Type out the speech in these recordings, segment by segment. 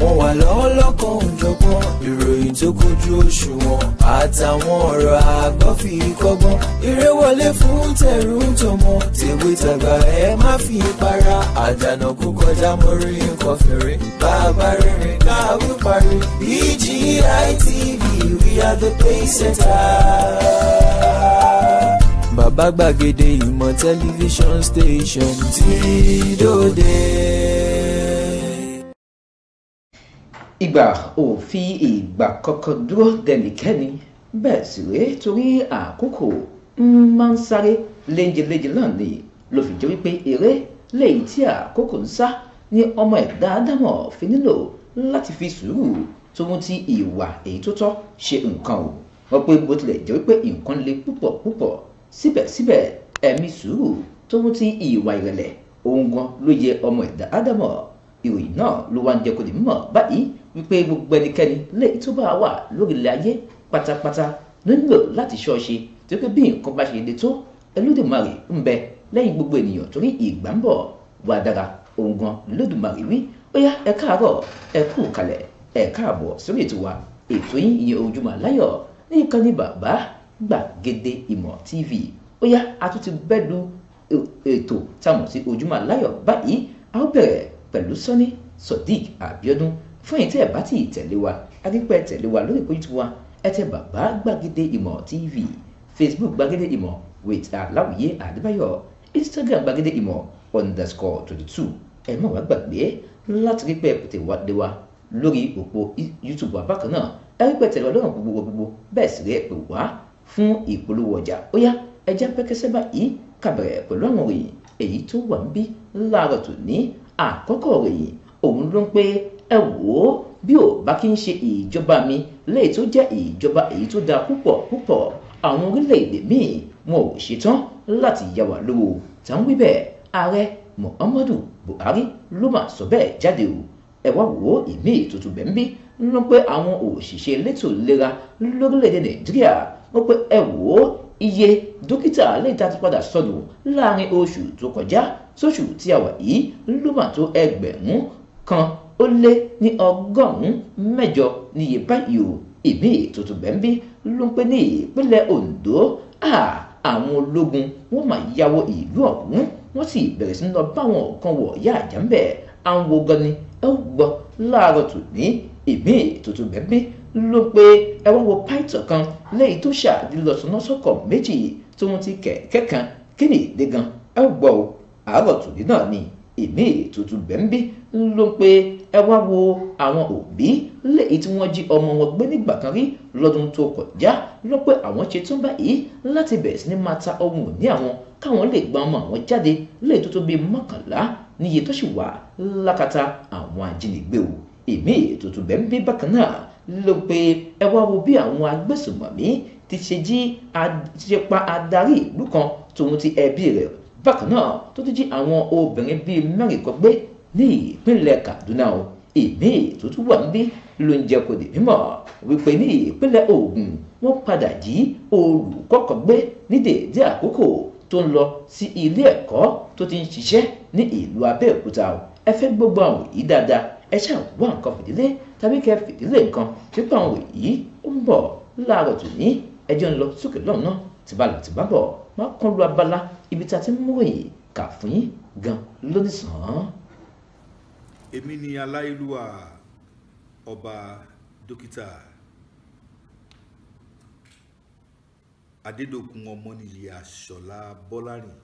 wọ́n wà lọ́wọ́ lọ́kàn òjọ̀gbọ́n ìròyìn tó kójú òṣùwọ̀n àtàwọn ọ̀rọ̀ àgbọ́ kọ́gbọ́n eré wọlé fún tẹ̀rù tọmọ tèwe tàgbà ẹ má fi para àdànà kó kọjá mọ́rí nǹkan fèrè bàbá rere káwé parí BGI e TV we are the pace setter. bàbá gbàgede ìmọ̀ tẹlifíṣọ̀n station tí dòde ìgbà ò fi ìgbà kankan dúró dẹnikẹ́ni bẹ́ẹ̀ sì rèé torí àkókò máa ń sáré léjeléje náà ló fi jẹ́ wípé eré lẹ́yìn tí àkókò ń sá ni ọmọ ẹ̀dá ádámọ̀ fi nílò láti fi sùúrù tó mú ti ìwà èyí tó tọ́ ṣe nǹkan o wọ́n pé bó tilẹ̀ jẹ́ wípé nǹkan le púpọ̀ púpọ̀ síbẹ̀síbẹ̀ ẹ̀mí sùúrù tó mú ti ìwà ìrẹ̀lẹ̀ ohun gan ló yẹ ọmọ ẹ̀dá ádámọ̀ ìròyìn náà ló wá ń jẹ́ kó di mímọ̀ báyìí wípé gbogbo ẹnikẹ́ni lè tó bá wà lórílẹ̀ ayé pátápátá ló nílò láti ṣọ́ọ̀ṣe tí ó pé bí nǹkan bá ṣe lè tó Ẹlẹ́dùmarè ń bẹ lẹ́yìn gbogbo ènìyàn torí ìgbà ń bọ̀ wà dára òun gan l'Ẹlẹ́dùmarè wí ó yá ẹ káàárọ̀ ẹ kú kalẹ̀ ẹ káàbọ̀ sórí ètò wa ètò yín ìyẹn Ojúmọ́ Aláyọ̀ ní ìkànnì bàbá gbàgede ìmọ̀ TV ó yá a tún ti bẹ́ẹ̀lú ètò táwọn sí Ojúmọ́ Aláyọ̀ báyìí a ó bẹ̀rẹ̀ pẹ̀lú Sọ́ní Sodiq Abiodun fún èyí tí ẹ̀ bá ti tẹ̀lé wa adípẹ́ tẹ̀lé wa lórí ìpéjú tiwa ẹ tẹ bàbá gbàgede ìmọ̀ tv facebook gbàgede ìmọ̀ with aláwìyé àdébáyọ̀ instagram gbàgede ìmọ̀ underscore twenty two ẹ má wá gbàgbé láti rí pẹ́ tẹ̀ wá dé wa lórí òpó youtube wa bákan náà ẹ rí pẹ́ tẹ̀lé wa lọ́rùn gbogbo gbogbo bẹ́ẹ̀ sì rí ẹ pè wá fún ìpolówó ọjà ó yá ẹja pẹ́kẹ́sẹ́ báyìí kàbẹ̀rẹ̀ pẹ̀lú àwọn òròyìn èyí tó wà ń bí láàárọ̀ tòní àkọ́kọ́ òròyìn òun ló ń pé ẹ wò ó bí ò bá kí n ṣe ìjọba mi lẹ́yìn tó jẹ́ ìjọba èyí tó dáa púpọ̀ púpọ̀ àwọn orílẹ̀-èdè míì wọn ò ṣetán láti yá wa lówó tá ń wí bẹ́ẹ̀ ààrẹ Muhammadu Buhari ló mà sọ bẹ́ẹ̀ jáde o ẹ wá wò ó ìmí ìtutù bẹ́ẹ̀ ń bí ló pé àwọn òṣìṣẹ́ elétò ìlera lórílẹ̀-èdè Nàìjíríà ó pé ẹ wò ó iye dókítà lẹ́yìn tá a ti padà sọnù láàrin oṣù tó kọjá sóṣù tí a wà yìí ló mà tó ẹgbẹ̀rún kan ó lé ní ọgọ́rùn-ún mẹ́jọ níye báyìí o ìmí tuntun bẹ́ńbí ló ń pè ní ìpínlẹ̀ Ondo àwọn ológun wọ́n máa yáwọ ìlú ọ̀hún wọ́n sì bẹ̀rẹ̀ sí lọ bá wọn kan wọ̀ yá àjà ń bẹ̀ àwọn wo ni ẹ ó gbọ́ láàárọ̀ tòní ìmí tuntun bẹ́ńbí ló pé ẹ wá wo pàìtàn kan lẹ́yìn tó ṣàdílọ́sọ̀nọ́sọ̀kọ̀ méjì tó ń ti kẹ̀kẹ́ kan kí ni ìdí gan ẹ ó gbọ́ o àárọ̀ tòní náà ni ìmí tuntun bẹ́ńbí ló ń pe ẹ wá wo àwọn òbí léyìí tí wọ́n jí ọmọ wọn gbé nígbà kan rí lọ́dún tó kọjá ló pé àwọn ṣe tún báyìí láti bẹ̀rẹ̀ sí ní máa ta ohun òní àwọn káwọn lè gba ọmọ àwọn jáde léyìí tó tó bíi mọ́kànlá níye tó sì wà lákàtà àwọn ajínigbé o èmi ètò tó bẹ́ẹ̀ ń bí bákan náà ló pé ẹ wá wo bí àwọn agbésùnmọ̀mí ti ṣe jí ṣe pa adarí ìlú kan tòun ti ẹbí rẹ̀ bákan náà tó ti jí àwọn obìnrin bíi mẹ́rin kan gbé ní ìpínlẹ̀ Kaduna o ìmí ìtútù wà ń bí ló ń jẹ́ kó di mímọ̀ wípé ní ìpínlẹ̀ Ògùn wọ́n padà jí olùkọ́ kan gbé ní dèédé àkókò tó ń lọ sí ilé ẹ̀kọ́ tó ti ń ṣiṣẹ́ ní ìlú Abẹ́òkúta o ẹ fẹ́ gbogbo àwọn yìí dáadáa ẹ ṣáà wá nǹkan fìdílé tàbí kẹ́ fìdílé nǹkan pípa àwọn èyí ó ń bọ̀ láàárọ̀ tù ní ẹjọ́ ń lọ sókè lọ́nà tìbalà tìbábọ̀ má kán lu abala ibi tá a ti ń mú ròyìn kà fún yín gan lónìí sàn án èmi ni aláìlúwà ọba dókítà adédòkun ọmọnìyí àṣọlá bọ́lárìn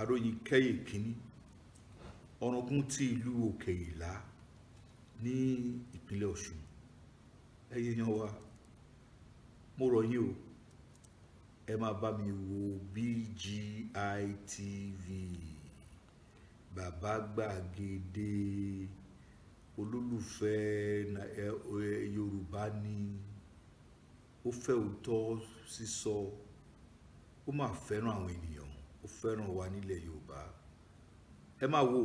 aróyin kẹ́yè kínní ọ̀ràngún ti ìlú òkè ìlá ní ìpínlẹ̀ ọ̀ṣun ẹ̀yin èèyàn wa mo rọ̀ yín o ẹ máa bá mi wo BGI bàbá gbàgede olólùfẹ́ yorùbá ni ó fẹ́ òótọ́ sísọ ó máa fẹ́ràn àwọn ènìyàn ó fẹ́ràn wa nílẹ̀ yorùbá ẹ máa wo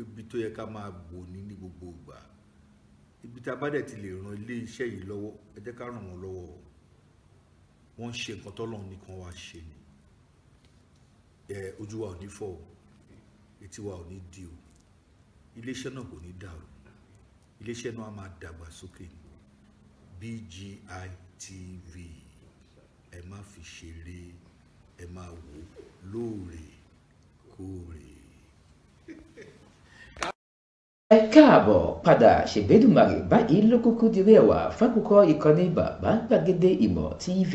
ibi tó yẹ ká máa bò ní ní gbogbo ìgbà ibi tá a bá dẹ̀ ti lè ran ilé iṣẹ́ yìí lọ́wọ́ ẹ jẹ́ ká ràn wọ́n lọ́wọ́ wọ́n ń ṣe nǹkan tọ́lọ́run nìkan wá ṣe ni ojú wa ò ní fọ́ o etí wa ò ní di o iléeṣẹ́ náà kò ní dàrú iléeṣẹ́ náà á máa dàgbà sókè BGI TV ẹ má fi ṣeré ẹ máa wò lóòrèkóòrè. ẹ káàbọ̀ padà ṣègbédùmarè báyìí ló kúkú di fákòókò ìkànnì bàbá gbàgede ìmọ̀ TV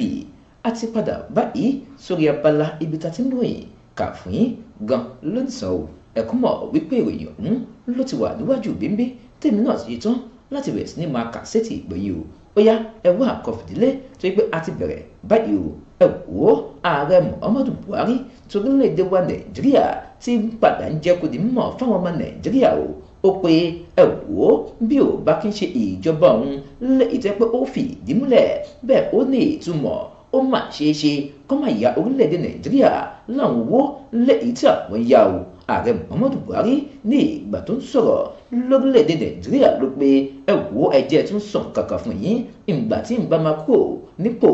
a ti padà báyìí sórí abala ibi tá a ti ń ròyìn kàfín gan ló ń sọ ò ẹ̀kún mọ̀ wípé ìròyìn ọ̀hún ló ti wà níwájú bímbí tèmi náà ti tán láti bẹ̀rẹ̀ sí ní máa kà sétí ìgbòye o ó yá ẹ wá àkọfìdílé tó yẹ pé a ti bẹ̀rẹ̀ báyìí o ẹ wò ó ààrẹ Muhammadu Buhari torílẹ̀ wa Nàìjíríà ti ń padà ń jẹ́ kó di mímọ̀ fáwọn ọmọ Nàìjíríà o ó pé ẹ wò ó bí ò bá kí ń ṣe ìjọba òun lẹ́yìn tó yẹ pé ó fìdí múlẹ̀ bẹ́ẹ̀ ó ní ìtumọ̀ ó mà ṣeé ṣe kó má ya orílẹ̀-èdè nàìjíríà láwọn owó lẹ́yìn tí àwọn ya o ààrẹ muhammadu buhari ní ìgbà tó ń sọ̀rọ̀ lórílẹ̀‐èdè nàìjíríà ló pé ẹ wò ó ẹjẹ́ tún sàn kankan fún yín ìgbà tí ń bá máa kúrò nípò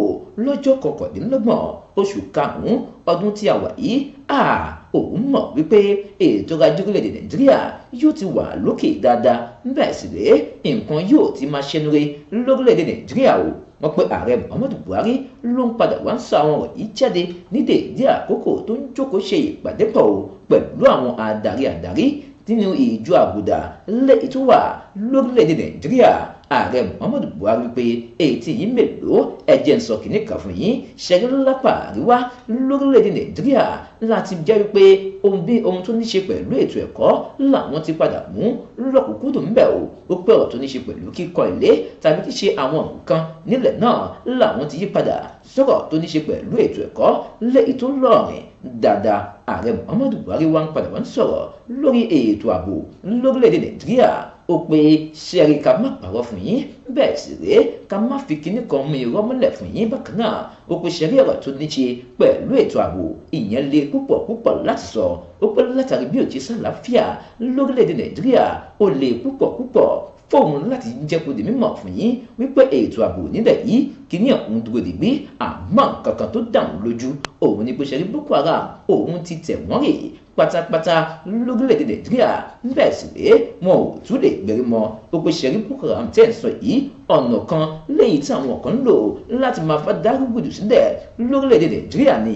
lọ́jọ́ kọkàndínlọ́gbọ̀n oṣù karùn-ún ọdún tí a wà yìí à òun mọ̀ wípé ètò ọrọ̀-ajé orílẹ̀-èdè nàìjíríà yóò ti wà lókè dáadáa bẹ́ẹ̀ sì rèé nǹkan yóò ti máa ṣẹnure lórílẹ̀-èdè nàìjíríà o wọ́n pé ààrẹ muhammadu buhari ló ń padà wá ń sọ àwọn ọ̀rọ̀ yìí jáde ní àkókò tó ń jókòó ṣe ìpàdé pọ̀ pẹ̀lú àwọn adarí adarí nínú ìjọ àbùdá lẹ́yìn tó wà lórílẹ̀‐èdè nàìjíríà ààrẹ muhammadu buhari pé ètí yìí mélòó ẹ̀jẹ̀ ń sọ kìíní kan fún yín ṣẹ̀rí lápá àríwá lórílẹ̀‐èdè nàìjíríà láti jẹ́ wípé ohun bí ohun tó ní ṣe pẹ̀lú ètò ẹ̀kọ́ làwọn ti padà mú lọ́kùnkúndùn ńbẹ̀ o ó pẹ́ ọ̀rọ̀ tó ní ṣe pẹ̀lú kíkọ́ ilé tàbí ṣíṣe àwọn nǹkan nílẹ̀ náà làwọn ti yí padà sọ̀rọ̀ tó ní ṣe pẹ̀lú ètò ẹ̀kọ́ lẹ́yìn tó Dada, ààrẹ muhammadu buhari wá ń padà wá ń sọ̀rọ̀ lórí ètò ààbò lórílẹ̀‐èdè nàìjíríà ó pé ṣẹ́rí ká má pàrọ̀ fún yín bẹ́ẹ̀ sì rèé ká má fi kinní kan mú irọ́ mọ́lẹ̀ fún yín bákan náà ó pé ṣẹ́rí ọ̀rọ̀ tó ní ṣe pẹ̀lú ètò ààbò ìyẹn le púpọ̀ púpọ̀ láti sọ ó pé látàrí bí òjì sàlàáfíà lórílẹ̀‐èdè nàìjíríà ó le púpọ̀ púpọ̀ fóun láti jẹ́ kó di mímọ̀ fún yín wípé ètò ààbò nílẹ̀ yìí kíní ọ̀hún dúró dìgbì àmọ́ nǹkan kan tó dà wọ́n lójú òun ni pé ṣẹ́rí Boko Haram òun ti tẹ̀ wọ́n rè pátápátá lórílẹ̀‐èdè Nàìjíríà bẹ́ẹ̀ sì rèé wọn ò tún lè gbérí mọ́ ó ṣẹ́rí Boko Haram tẹ̀ ń sọ yìí ọ̀nà kan léyìí tí àwọn kan ń lò láti máa fa dárúgbùdù sílẹ̀ lórílẹ̀‐èdè Nàìjíríà ni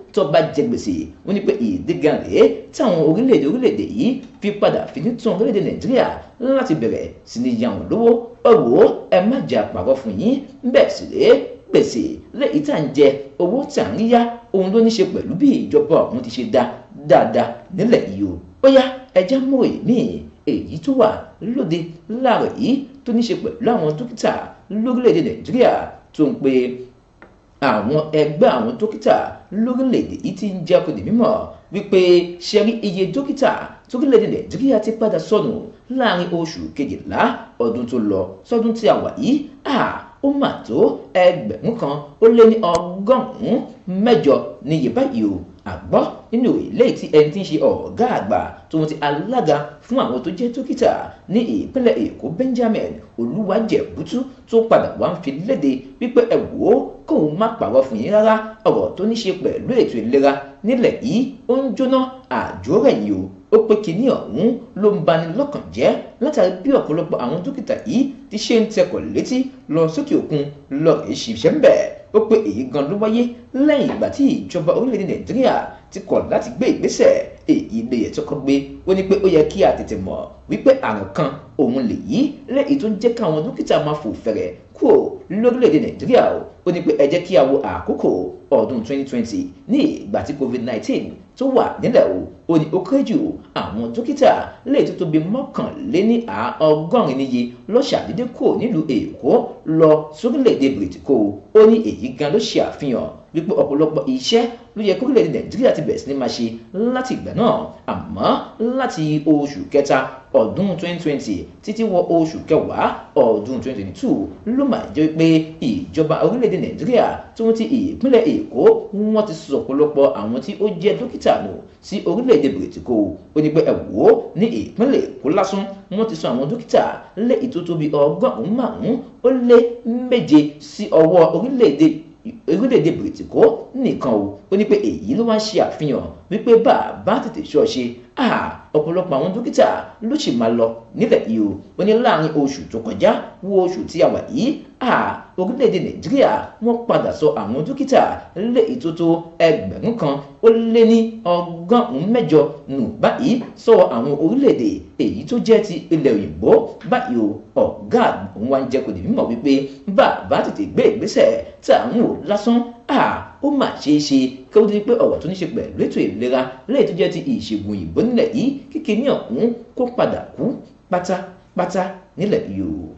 tó bá jẹ gbèsè wọ́n ní pé ìdí gan rèé tí àwọn orílẹ̀-èdè orílẹ̀-èdè yìí fi padà fi ní tún orílẹ̀-èdè nàìjíríà láti bẹ̀rẹ̀ sí ní yà wọ́n lówó ọ̀rọ̀ ẹ má jẹ́ àpàrọ̀ fún yín bẹ́ẹ̀ sì rèé gbèsè lẹ́yìn tá à ń jẹ owó tà ń yá ohun ló ní ṣe pẹ̀lú bí ìjọba ọ̀hún ti ṣe dá dáadáa nílẹ̀ yìí o ó yá ẹja mú òye èyí tó wà lóde láàrọ̀ yìí tó ní ṣe pẹ̀lú àwọn dókítà lórílẹ̀‐èdè nàìjíríà tó ń pe àwọn ẹgbẹ́ àwọn dókítà lórílẹ̀‐èdè yìí ti ń jẹ́ kó di mímọ̀ wípé ṣe rí iye dókítà torílẹ̀‐èdè nàìjíríà ti padà sọnù láàrin oṣù kejìlá ọdún tó lọ sọdún tí a wà yìí ó mà tó ẹgbẹ̀rún kan ó lé ní ọgọ́rùn-ún mẹ́jọ níye báyìí o àgbọ́ nínú ilé tí ẹni tí ń ṣe ọ̀gá àgbà tó wọn ti alága fún àwọn tó jẹ́ dókítà ní ìpínlẹ̀ èkó benjamin olúwàjẹ̀bútú tó padà wá ń fi léde wípé ẹ wò ó kóun má pàrọ̀ fún yín rárá ọ̀rọ̀ tó ní ṣe pẹ̀lú ètò ìlera nílẹ̀ yìí ó ń jóná àjórẹ̀yìn o ó pé kínní ọ̀hún ló ń bani lọ́kàn jẹ́ látàrí bí ọ̀pọ̀lọpọ̀ àwọn dókítà yìí ti ṣe ń tẹkọ̀ létí lọ sókè òkun lọ kì í ṣiṣẹ́ ń bẹ̀ ó pé èyí gan ló wáyé lẹ́yìn ìgbà tí ìjọba orílẹ̀-èdè nàìjíríà ti kọ̀ láti gbé ìgbésẹ̀ èyí lóye tó kọ́ gbé ó ní pé ó yẹ kí a tètè mọ̀ wípé àrùn kan òun lè yí lẹ́yìn tó ń jẹ́ káwọn dókítà máa fò fẹ̀rẹ̀ kúrò lórílẹ̀-èdè nàìjíríà ó ní pé ẹ jẹ́ kí a wo àkókò ọdún 2020 ní ìgbà tí covid-19 tó wà nílẹ̀ o ó ní ó kéré jù àwọn dókítà lè tó tóbi mọ́kànléní ọgọ́rin níye ló ṣàdédé kò nílùú èkó lọ sórílẹ̀-èdè bìrìtìkó ó ní èyí gan ló ṣe àfihàn wípé ọ̀pọ̀lọpọ̀ iṣẹ́ ló yẹ kórílẹ̀-èdè nàìjíríà ti bẹ̀rẹ̀ sí ní máa ṣe láti ìgbà náà àmọ́ láti oṣù kẹta ọdún 2020 títí wọ oṣù kẹwàá ọdún 2022 ló máa jẹ́ pé ìjọba orílẹ̀-èdè nàìjíríà tó ń ti ìpínlẹ̀ èkó wọ́n ti sọ ọ̀pọ̀lọpọ̀ àwọn tí ó jẹ́ dókítà nù sí orílẹ̀-èdè bìrìtìkó ó ní pé ẹ̀wọ́ ní ìpínlẹ̀ èkó lásán wọ́n ti sọ àwọn dókítà lé ìtótóbi ọgọ́rùn-ún márùn-ún ó lé méje sí ọwọ́ orílẹ̀-èdè öyle de büyüdük o. nìkan o ó ní pé èyí ló wá ṣe àfihàn wípé bàbá tètè ṣọ́ọ̀ṣe ọ̀pọ̀lọpọ̀ àwọn dókítà ló sì máa lọ nílẹ̀ yìí o ó ní láàrin oṣù tó kọjá wo oṣù tí a wà yìí orílẹ̀-èdè nàìjíríà wọ́n padà sọ àwọn dókítà lé ìtótó ẹgbẹ̀rún kan ó lé ní ọgọ́rùn-ún mẹ́jọ nù báyìí sọ àwọn orílẹ̀-èdè èyí tó jẹ́ ti ilẹ̀ òyìnbó báyìí o ọ̀gá òun wá ń jẹ́ kó di mímọ̀ wípé bàbá tètè gbé ìgbésẹ̀ tààrùn lásán ó mà ṣeé ṣe kí ó ti di pé ọ̀rọ̀ tó ní ṣe pẹ̀lú ètò ìlera lẹ́yìn tó jẹ́ ti ìṣègùn òyìnbó nílẹ̀ yìí kíkì ní ọ̀hún kó padà kú pátápátá nílẹ̀ yìí o.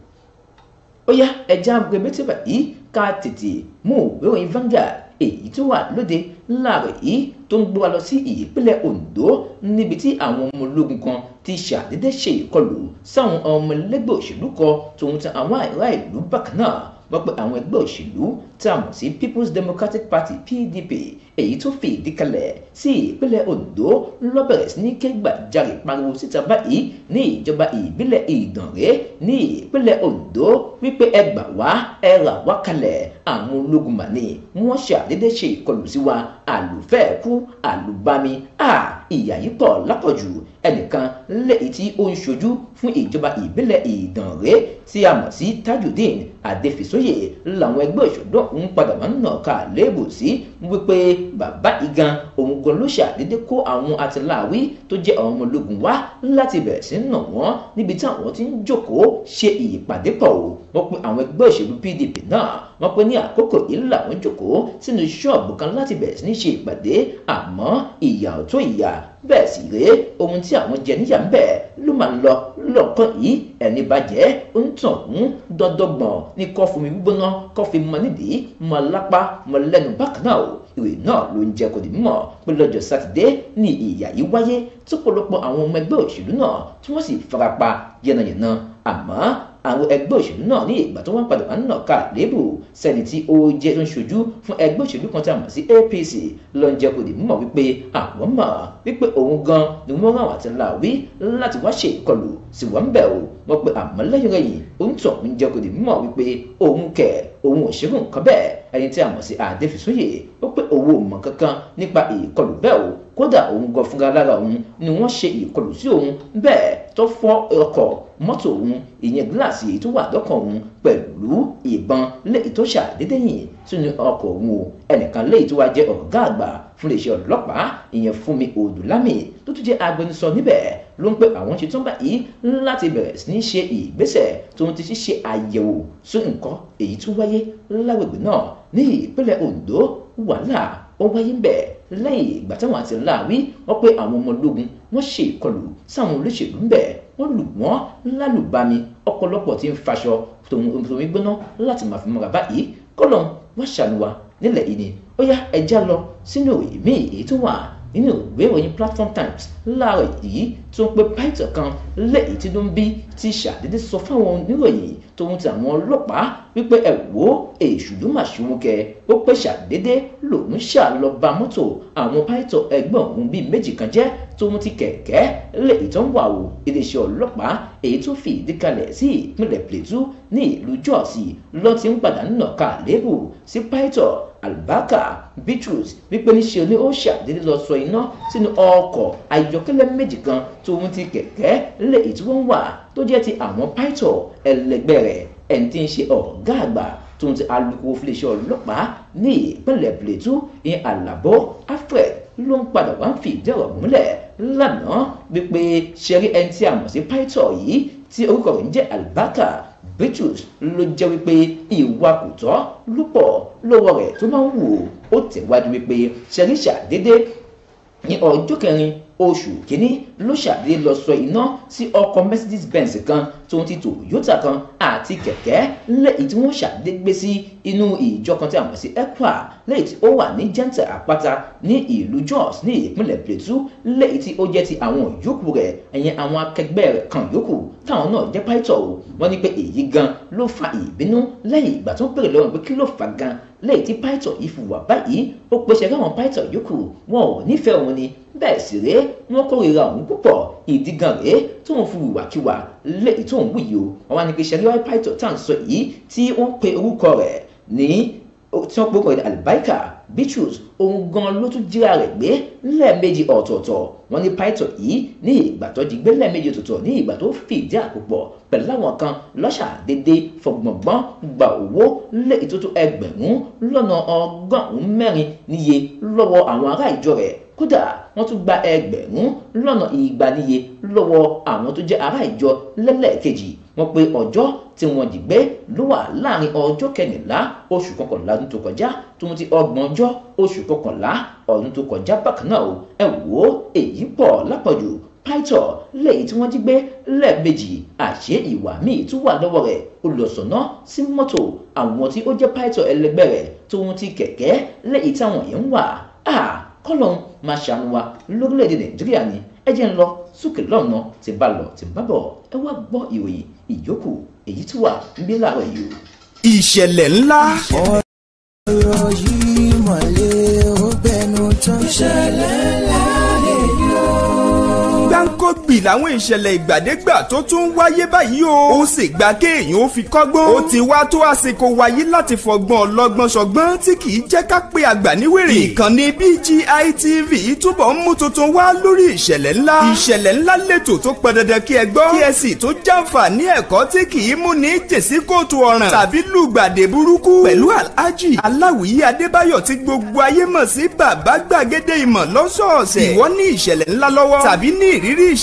ó yá ẹja agbègbè báyìí ká tètè mú ìròyìn Vanguard èyí tó wà lóde láàrọ̀ yìí tó ń gbé wa lọ sí ìpínlẹ̀ Ondo níbi tí àwọn ọmọ ológun kan ti ṣàdédé ṣe ìkọlù sáwọn ọmọlẹ́gbẹ́ òṣèlú kan tòun tan àwọn ará ìlú bákan náà wọ́n pe àwọn ẹgbẹ́ òṣèlú tá a mọ̀ sí People's Democratic Party PDP èyí tó fi ìdí kalẹ̀ sí ìpínlẹ̀ Ondo ló bẹ̀rẹ̀ sí ní kégbàjarè pariwo síta báyìí ní ìjọba ìbílẹ̀ Ìdànrè ní ìpínlẹ̀ Ondo wípé ẹ gbà wá ẹ rà wá kalẹ̀ àwọn ológun mà ní wọ́n ṣàdédé ṣe ìkọlù sí wa àlùfẹ́ kú àlùbami à ìyà yìí pọ̀ lápọ̀jù ẹnìkan lẹ́yìn tí ó ń ṣojú fún ìjọba ìbílẹ̀ ìdànrè tí a mọ̀ sí Tajudeen àdefìsóyè làwọn ẹgbẹ́ òṣòdó ọ̀hún padà máa ń nà ká léèbù sí wípé bàbá igan òun gan ló ṣàdédé kó àwọn àtìláàwí tó jẹ́ àwọn ọmọ wá láti bẹ̀rẹ̀ sí nà wọ́n níbi tí àwọn ti ń jókòó ṣe ìyípadé pọ̀ o wọ́n pe àwọn ẹgbẹ́ òṣèlú PDP náà wọ́n pe ní àkókò yìí làwọn jókòó sínú ṣọ́ọ̀bù kan láti bẹ̀rẹ̀ sí ní ṣe ìpàdé àmọ́ ìyà ọ̀tún ìyà bẹ́ẹ̀ sì rèé ohun tí àwọn jẹ ń bẹ̀ ló máa lọ lọ́kàn yìí ẹni bá jẹ́ ń tàn ń dọ́dọ́gbọ̀n ní kọ́ fomi gbígbóná kọ́ fi mọ nídìí mọ lápá o ìwé náà ló ń jẹ́ kó di mímọ̀ pé lọ́jọ́ sátidé ni ìyà yìí wáyé tó pọ̀lọpọ̀ àwọn ọmọ ẹgbẹ́ òṣèlú náà tí wọ́n sì farapa yánnayànna àmọ́ àwọn ẹgbẹ́ òṣèlú náà ní ìgbà tó wọ́n padà wá ń lébù sẹ́ni tí ó jẹ́ tó ń ṣojú fún ẹgbẹ́ òṣèlú kan tí a mọ̀ sí APC ló ń jẹ́ kó di mímọ̀ wípé àwọn mọ̀ wípé òun gan ni wọ́n rán àwọn àtẹnulá wí láti wá ṣe ìkọlù sí wọ́n bẹ̀ o wọ́n pe àmọ́ lẹ́yìn rẹ̀yìn ó ń tọ̀ ń jẹ́ kó di mímọ̀ wípé òun kẹ̀ òun ò ṣerú nǹkan bẹ́ẹ̀ ẹni tí a mọ̀ sí Adéfisóyè ó pé òun ò mọ̀ kankan nípa ìkọlù bẹ́ẹ̀ o kódà òun gan fúnra lára òun ni wọ́n ṣe ìkọlù sí òun bẹ́ẹ̀ tó fọ́ ọkọ̀ mọ́tò òun ìyẹn gíláàsì èyí tó wà lọ́kàn òun pẹ̀lú ìbọn léyìí tó ṣàdédé yìn sínú ọkọ̀ òun o ẹnìkan léyìí tó wá jẹ́ ọ̀gá àgbà fún iléeṣẹ́ ọlọ́pàá ìyẹn Fúnmi Odùlámì tó tún jẹ́ agbẹnusọ níbẹ̀ ló ń pẹ́ àwọn ṣe tán báyìí láti bẹ̀rẹ̀ sí ní ṣe ìgbésẹ̀ tó ń ti ṣíṣe àyẹ̀wò sí nǹkan èyí tó wáyé lágbègbè náà ní ìpínlẹ̀ Ondo wàhálà ó wáyé ń bẹ̀ lẹ́yìn ìgbà táwọn àti ńlá wọ́n pé àwọn ọmọ wọ́n ṣe ìkọlù sáwọn olóṣèlú ń bẹ̀ wọ́n lù wọ́n lálùbami ọ̀pọ̀lọpọ̀ tí ń faṣọ tòun gbóná láti máa fi mọ́ra báyìí kọ́lọ́n wọ́n ṣàlùwà nílẹ̀ ìní ó yá ẹja lọ sínú ìmí èyí tó wà nínú ìwé ìròyìn Platform Times láàárọ̀ yìí tó ń pe pító kan léyìí tí ló ń bí ti ṣàdédé sọ fáwọn oníròyìn tó ń ti àwọn ọlọ́pàá wípé ẹ wo èṣù ló mà ṣe wọn kẹ ó pé ṣàdédé lòún ṣàlọ́ba mọ́tò àwọn pító ẹgbẹ́ òun bíi méjì kan jẹ́ tó ń ti kẹ̀kẹ́ léyìí tó ń wà wò iléeṣẹ́ ọlọ́pàá èyí tó fi ìdí kalẹ̀ sí ìpínlẹ̀ Plateau ní ìlú Jos ló ti ń padà ń nàka lébù sí pító albaka bitrus wípé níṣe ni ó ṣàdédé lọ sọ iná sínú ọkọ̀ ayọ́kẹ́lẹ́ méjì kan tó ń ti kẹ̀kẹ́ lé ìtiwọ́n wà tó jẹ́ ti àwọn pító ẹlẹgbẹ́ rẹ̀ ẹni tí ń ṣe ọ̀gá àgbà tó ń ti alukó fúnléṣẹ́ ọlọ́pàá ní ìpínlẹ̀ plateau ìyẹn alabo alfred ló ń padà wá ń fi ìdí ọ̀rọ̀ múlẹ̀ lánàá wípé ṣẹ́rí ẹni tí a mọ̀ sí pító yìí tí orúkọ rẹ̀ ń jẹ́ albaka Beatrice ló jẹ́ wípé ìwà kò tọ́ ló pọ̀ lọ́wọ́ rẹ̀ tó máa ń wù ó tẹ̀wájú wípé ṣẹ́ríṣà déédéé ní ọjọ́ kẹrin oṣù kínní ló ṣàdédé lọ sọ iná sí ọkọ̀ mercedes benz kan tòun ti toyota kan àti kẹ̀kẹ́ lẹ́yìn tí wọ́n ṣàdédé gbé sí inú ìjọ kan tí a mọ̀ sí ecwa lẹ́yìn tí ó wà ní jẹ́ǹtà àpáta ní ìlú jos ní ìpínlẹ̀ plateau lẹ́yìn tí ó jẹ́ ti àwọn yòókù rẹ̀ ẹ̀yẹn àwọn akẹgbẹ́ rẹ̀ kan yòókù táwọn náà jẹ́ pító wọ́n ní pé èyí gan ló fa ìbínú lẹ́yìn ìgbà tó ń pèrè lọ́rùn pé kí ló fa gan lẹ́yìn tí pító yìí fi wà báyìí ó pèsè káwọn pító yòókù wọn ò nífẹ̀ẹ́ òun ni bẹ́ẹ̀ sì rèé wọ́n kórìíra òun púpọ̀ ìdí gan rèé tóun fi wùwàkiwà léyìí tóun wù yìí o wọ́n wá ní pé ṣẹlẹ́wà pàìtọ́ tá à ń sọ yìí tí wọ́n pe orúkọ rẹ̀ ní tí wọ́n pe orúkọ rẹ̀ ní albaika Bitrus òun gan ló tún jíra rẹ̀ gbé lẹ́ẹ̀mejì ọ̀tọ̀ọ̀tọ̀ wọ́n ní Python yìí ní ìgbà tó jí gbé lẹ́ẹ̀mejì ọ̀tọ̀ọ̀tọ̀ ní ìgbà tó fìdí àkópọ̀ pẹ̀lú àwọn kan lọ́ṣà dédé fọgbọ̀ngbọ́n gba owó lé ìtótó ẹgbẹ̀rún lọ́nà ọgọ́rùn-ún mẹ́rin níye lọ́wọ́ àwọn ará ìjọ rẹ̀ kódà wọ́n tún gba ẹgbẹ̀rún lọ́nà ìgbaniye lọ́wọ́ àwọn tó jẹ́ ará ìjọ lẹ́lẹ́kejì wọ́n pe ọjọ́ tí wọ́n jí gbé ló wà láàrin ọjọ́ kẹrìnlá oṣù kọkànlá ọdún tó kọjá tó ti ọgbọ̀n ọjọ́ oṣù kọkànlá ọdún tó kọjá bákan náà ẹ wò ó èyí pọ̀ lápọ̀jù pító lẹ́yìn tí wọ́n jí gbé lẹ́ẹ̀mejì àṣé ìwà míì tún wà lọ́wọ́ rẹ̀ olùsọ̀nà sí mọ́tò àwọn tí ó jẹ́ pító ẹlẹgbẹ́ rẹ̀ tó ń ti kẹ̀kẹ́ lẹ́yìn táwọn yẹn ń wà ah, kọ́lọ́n máa ṣàánú wa lórílẹ̀‐èdè nàìjíríà ni ẹ jẹ́ ń lọ sókè lọ́nà tí bá lọ tí bá bọ̀ ẹ wá gbọ́ ìròyìn ìyókù èyí tí wà ń gbé láàárọ̀ yìí o. ìṣẹ̀lẹ̀ ńlá. ọ̀rọ̀ yìí mọ̀lẹ́ ó bẹnu tán. ìṣẹ̀lẹ̀ gbì làwọn ìṣẹ̀lẹ̀ ìgbàdégbà tó tún ń wáyé báyìí o. ó sì gba kéèyàn ó fi kọ́gbọ́n. ó ti wá tó àsìkò wáyé láti fọgbọ́n ọlọ́gbọ́n ṣọgbọ́n tí kì í jẹ́ ká pé àgbà níwèrè. ìkànnì BGI TV túbọ̀ ń mú tuntun wá lórí ìṣẹ̀lẹ̀ ńlá. ìṣẹ̀lẹ̀ ńlá lètò tó pọn dandan kí ẹ gbọ́. kí ẹ sì tó jàǹfààní ẹ̀kọ́ tí kì í mú ní tèsí kóòtù ọ̀ràn. tàbí lùgbàdé burúkú. pẹ̀lú alhaji aláwìyí adébáyọ̀ tí gbogbo ayé mọ̀ sí bàbá gbàgede ìmọ̀ lọ́sọ̀ọ̀sẹ̀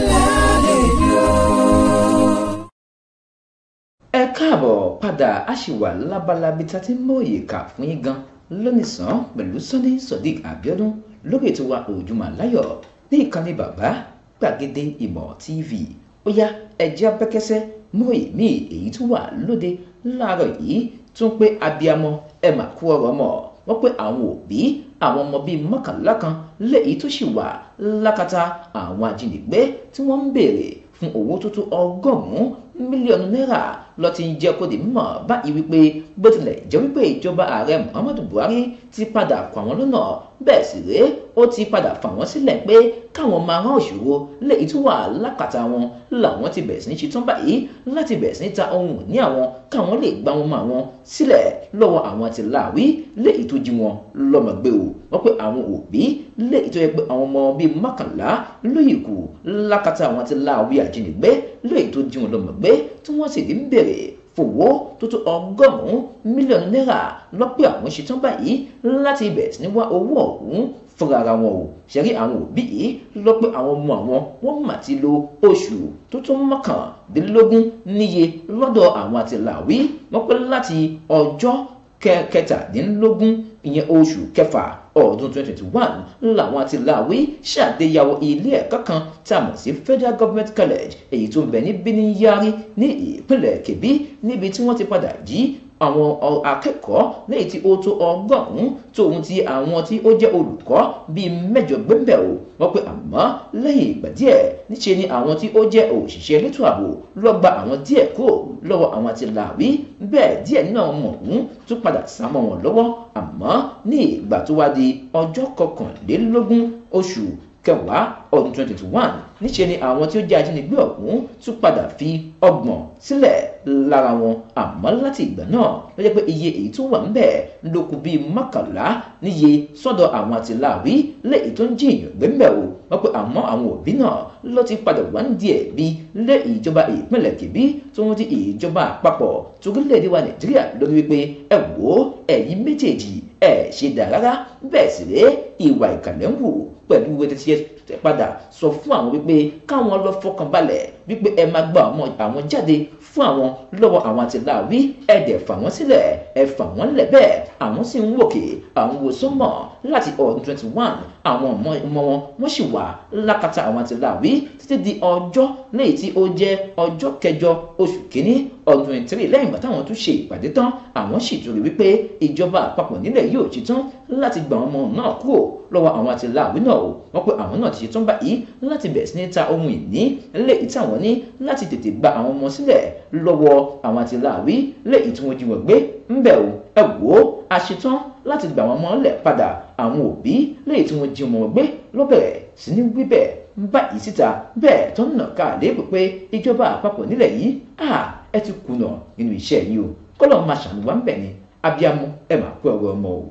káàbọ̀ padà a sì wà lábalábí tá a ti ń mọ òye kà fún yín gan lónìsàn pẹ̀lú Sunday Sodiq Abiodun lórí ètò wa Ojúmọ́ Láyọ̀ ní ìkànnì bàbá gbàgede ìmọ̀ TV ó yá ẹ̀jẹ̀ abẹ́kẹ́sẹ́ mọ èmi èyí tó wà lóde láàárọ̀ yìí tún pé abiamọ ẹ mà kú ọ̀rọ̀ mọ́ wọ́n pé àwọn òbí àwọn ọmọ bíi mọ́kànlá kan léyìí tó sì wà lákàtà àwọn ajínigbé tí wọ́n ń béèrè fún owó tó ọgọ́rùn-ún mílíọ̀nù náírà ló ti ń kó di mímọ̀ báyìí wípé bó tilẹ̀ jẹ́ wípé ìjọba ààrẹ Muhammadu Buhari ti padà kọ àwọn lọ́nà bẹ́ẹ̀ sì rèé ó ti padà fà wọ́n sílẹ̀ pé káwọn máa rán òṣòro lè ìtúwà lákàtà wọn làwọn ti bẹ̀rẹ̀ sí ní ṣetán báyìí láti bẹ̀rẹ̀ sí ní ta ohun ní àwọn káwọn lè gba wọn máa wọn sílẹ̀ lọ́wọ́ àwọn ti láàwí lé ìtòjú wọn lọ́mọgbé o wọ́n pé àwọn òbí lé ìtọ́jú pé àwọn ọmọ bíi mọ́kànlá lóyìnkù lákàtà àwọn ti láàwí àjínigbé lé ìtòjú wọn lọ́mọgbé tí wọ́n sì ń bẹ̀ béèrè fòwó tó tó ọgọ́rùn-ún mílíọ̀nù náírà lọ́pẹ́ àwọn ṣetán báyìí láti bẹ̀rẹ̀ sí ní wá owó ọ̀hún fúnra ara wọn o ṣẹ́rí àwọn òbí yìí lọ pé àwọn ọmọ àwọn wọ́n mà ti lo oṣù tó tún mọ́kàndínlógún níye lọ́dọ̀ àwọn àtìláwí wọ́n pẹ́ láti ọjọ́ kẹtàdínlógún ìyẹn oṣù kẹfà ọdún 2021 làwọn àtìláwí ṣàgbéyàwó ilé ẹ̀kọ́ kan tá a mọ̀ sí Federal Government College èyí tó ń bẹ ní Bíníyárí ní ìpínlẹ̀ Kebbi níbi tí wọ́n ti padà jí àwọn akẹ́kọ̀ọ́ lẹ́yìn tí ó tó ọgọ́rùn-ún tóun ti àwọn tí ó jẹ́ olùkọ́ bíi mẹ́jọ gbẹ́bẹ̀ o wọ́n pe àmọ́ lẹ́yìn ìgbà díẹ̀ níṣe ni àwọn tí ó jẹ́ òṣìṣẹ́ elétò ààbò lọ́ọ́ gba àwọn díẹ̀ kó lọ́wọ́ àwọn àti làwí bẹ́ẹ̀ díẹ̀ nínú àwọn ọmọ tún padà sá mọ́ wọn lọ́wọ́ àmọ́ ní ìgbà tó wá di ọjọ́ kọkànlélógún oṣù kẹwàá ọdún 2021 níṣe ni àwọn tí ó jẹ́ ajínigbé ọ̀hún tún padà fi ọgbọ̀n sílẹ̀ lára wọn àmọ́ láti ìgbà náà ló jẹ́ pé iye èyí tó wà ń bẹ̀ ló kù bíi mọ́kànlá níye sọ́dọ̀ àwọn àtìláàwí lé èyí tó ń jí èèyàn gbé ń bẹ̀ o wọ́n pe àmọ́ àwọn òbí náà ló ti padà wá ní díẹ̀ bí lé ìjọba ìpínlẹ̀ Kebbi tó ń ti ìjọba àpapọ̀ torílẹ̀-èdè wa Nàìjíríà lórí wípé ẹ wò ẹ̀yin méjèèjì ẹ̀ ṣe dà rárá bẹ́ẹ̀ sì rèé ìwà ìkàlẹ̀ ń wù pẹ̀lú wetesis padà sọ fún àwọn wípé káwọn lọ fọkàn balẹ̀ wípé ẹ máa gba ọmọ àwọn jáde fún àwọn lọ́wọ́ àwọn àti láàwí ẹ̀dẹ̀ fà wọ́n sílẹ̀ ẹ fà wọ́n lẹ̀ bẹ́ẹ̀ àwọn sì ń wòkè àwọn wo sọ́mọ̀ láti ọdún twenty one àwọn ọmọ wọn wọ́n sì wà lákàtà àwọn àti láàwí títí di ọjọ́ léyìí tí ó jẹ́ ọjọ́ kẹjọ oṣù kínní ọdún twenty three lẹ́yìn ìgbà táwọn tún ṣe ìpàdé tán àwọn sì tún rí wípé ìjọba àpapọ̀ nílẹ̀ yóò ti tán láti gbà ọmọ náà kúrò lọ́wọ́ àwọn àti láàwí náà o wọ́n pé àwọn náà ti tún báyìí láti bẹ̀rẹ̀ sí ní ta ohun ìní léyìí táwọn ní láti tètè gba àwọn ọmọ sílẹ̀ lọ́wọ́ àwọn àti láàwí léyìí tí wọ́n jí wọn gbé ńbẹ̀ o ẹ wò ó a ṣetán láti gba àwọn ọmọ lẹ̀ padà àwọn òbí léyìí tí wọ́n jí wọn gbé lọ́bẹ̀rẹ̀ sí ní wí bẹ́ẹ̀ báyìí síta bẹ́ẹ̀ tó ń nà ká lébùú pé ìjọba àpapọ̀ nílẹ̀ yìí ẹ ti kùnà nínú iṣẹ́ yìí o kọ́lọ́ máa kú ọ̀rọ̀ ọmọ o.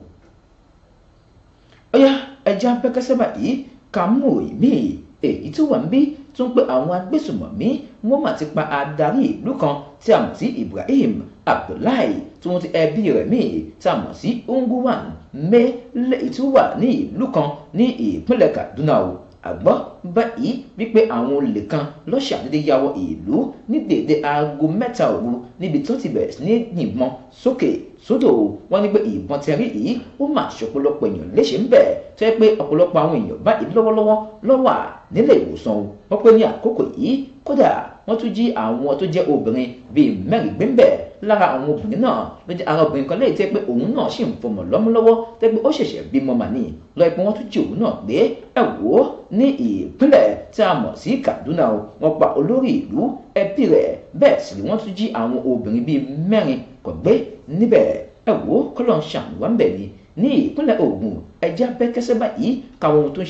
ó ẹja ń pẹ́kẹ́sẹ́ báyìí ká mú òyìn míì èyí tó wà ń bí tún pé àwọn agbésùmọ̀mí wọ́n mà ti pa adarí ìlú kan tí a mọ̀ sí Ibrahim Abdullahi tí wọ́n ti ẹbí rẹ̀ míì tí a mọ̀ sí Ungwan Mele tí ó wà ní ìlú kan ní ìpínlẹ̀ Kaduna o àgbọ́n báyìí wípé àwọn olè kan ló ṣàdédé ya ìlú ní déédé aago mẹ́ta òru níbi tó ti bẹ̀rẹ̀ sí ní yìnbọn sókè sódò wọn ní pé ìbọn tẹrí yìí ó mà ṣọ̀pọ̀lọpọ̀ èèyàn léṣe ń bẹ̀ tó yẹ pé ọ̀pọ̀lọpọ̀ àwọn èèyàn báyìí lọ́wọ́lọ́wọ́ ló wà nílé ìwòsàn wọ́n pé ní àkókò yìí kódà wọ́n tún jí àwọn tó jẹ́ obìnrin bíi mẹ́rin gbé lára àwọn obìnrin náà ló jẹ́ ara obìnrin kan lẹ́yìn tẹ́ pé òun náà sì ń fọmọ lọ́múlọ́wọ́ tẹ́ pé ó ṣẹ̀ṣẹ̀ bímọ màní lọ pé wọ́n tún jí òun náà gbé ẹ̀ wò ó ní ìpínlẹ̀ tí a mọ̀ sí Kaduna o wọ́n pa olórí ìlú ẹbí rẹ̀ bẹ́ẹ̀ sì ni wọ́n tún jí àwọn obìnrin bíi mẹ́rin kọ̀ gbé níbẹ̀ ẹ̀ wò ó kọ́lọ́ ń ṣàmùwá ń bẹ̀ ni ní ìpínlẹ̀ Ògùn ẹjẹ́ abẹ́kẹ́sẹ́ báyìí káwọn ohun tó ń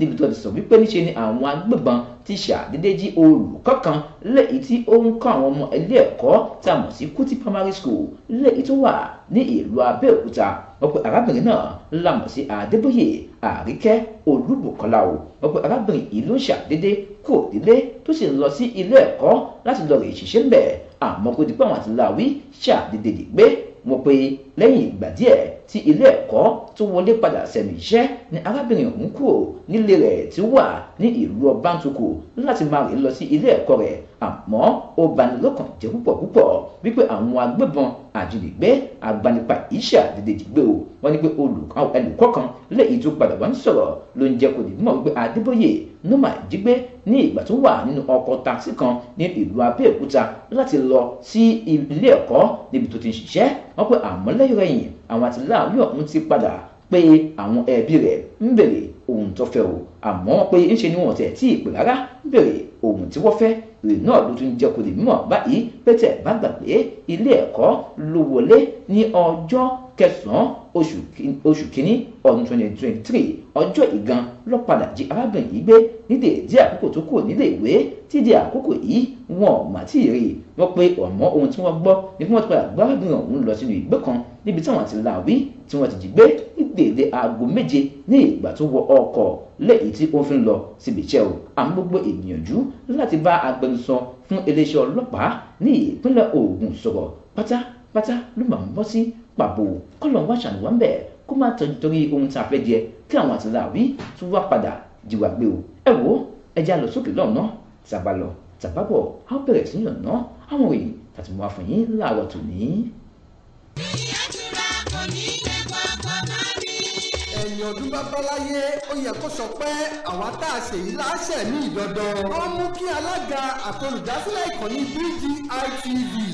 níbi tó ti sọ wípé níṣe ni àwọn agbébọn ti ṣàdédé jí olùkọ́ kan léyìí tí ó ń kọ́ àwọn ọmọ ilé ẹ̀kọ́ tá a mọ̀ sí Kuti primary school léyìí tó wà ní ìlú Abẹ́òkúta wọ́n pe arábìnrin náà la mọ̀ sí Adébóyè Àríkẹ́ Olúbùkọ́lá o wọ́n pe arábìnrin yìí ló ṣàdédé kò délé tó sì lọ sí ilé ẹ̀kọ́ láti lọ rè ṣiṣẹ́ ń bẹ̀ àmọ́ kó di pé àwọn àti làwí ṣàdédé dìgbé wọ́n pe lẹ́yìn ìgbà díẹ̀ ti ilé ẹ̀kọ́ tó wọlé padà sẹ́nu iṣẹ́ ni arábìnrin ọ̀hún kúrò nílé rẹ̀ tí wà ní ìlú ọbàntúkù láti máa rìn lọ sí ilé ẹ̀kọ́ rẹ̀ àmọ́ ó bani lọ́kàn jẹ́ púpọ̀ púpọ̀ wípé àwọn agbébọn àjínigbé agbanipa ìṣà dédé dìgbé o wọ́n ní pé olùkọ́ kan lé èyí tó padà wá ń sọ̀rọ̀ ló ń jẹ́ kó lè mọ̀ wípé adébóyè numa jígbé ní ìgbà tó wà nínú ọkọ̀ taxi kan ní ìlú abẹ́òkúta láti lọ sí ilé ẹ̀kọ́ níbi tó ti ń ṣiṣẹ́ wọ́n pé àmọ́ lẹ́yìn rẹ̀yìn àwọn àtìlá york ń ti padà pé àwọn ẹbí rẹ̀ ń bèrè ohun tó fẹ́ o àmọ́ pé ń ṣe ni wọ́n tẹ̀ tí ìpè rárá ń bèrè ohun tí wọ́n fẹ́ rè náà ló tún jẹ́ kó lè mọ̀ báyìí pété bá gbàgbé ilé ẹ̀kọ́ ló wọlé ní ọjọ́ kẹsàn-án oṣù kínní ọdún twenty twenty three ọjọ́ ìgan ló padà jí arábìnrin yìí gbé ní dèédé àkókò tó kù nílé ìwé tí di àkókò yìí wọn ò mà tí ì rí i wọ́n pe ọ̀mọ́ ohun tí wọ́n gbọ́ ni fún wọn ti padà gbọ́ arábìnrin ọ̀hún lọ sínú ìgbé kan níbi táwọn ti la wí tí wọ́n ti jí gbé ní dèédé aago méje ní ìgbà tó wọ ọkọ̀ lẹ́yìn tí ó fi ń lọ síbi iṣẹ́ o àmọ́ gbogbo ìgbìyànjú láti bá agbẹnusọ fún iléeṣẹ́ ọlọ́pàá ní ìpínlẹ̀ Ògùn sọ̀rọ̀ pátápátá ló máa ń bọ́ sí pàbò kọ́lọ̀ wá ṣàánú wá ń bẹ̀ kó má tọ́jú torí ohun tá a fẹ́ jẹ kí àwọn àtúntà wí tún wá padà jìwà gbé o ẹ wo ẹja lọ sókè lọ́nà tàbá lọ tàbá bọ̀ á bẹ̀rẹ̀ sí yànnà àwọn èyí tàtúmọ̀ àfọyín láàárọ̀ tòní. ìyá tura kò ní í ènìyàn ọdún bá ó yẹ kó sọ pé àwa tá a ṣe yìí láṣẹ ní ìdọdọ. wọ́n mú kí alága àtolùdásílẹ̀ ìkànnì BGI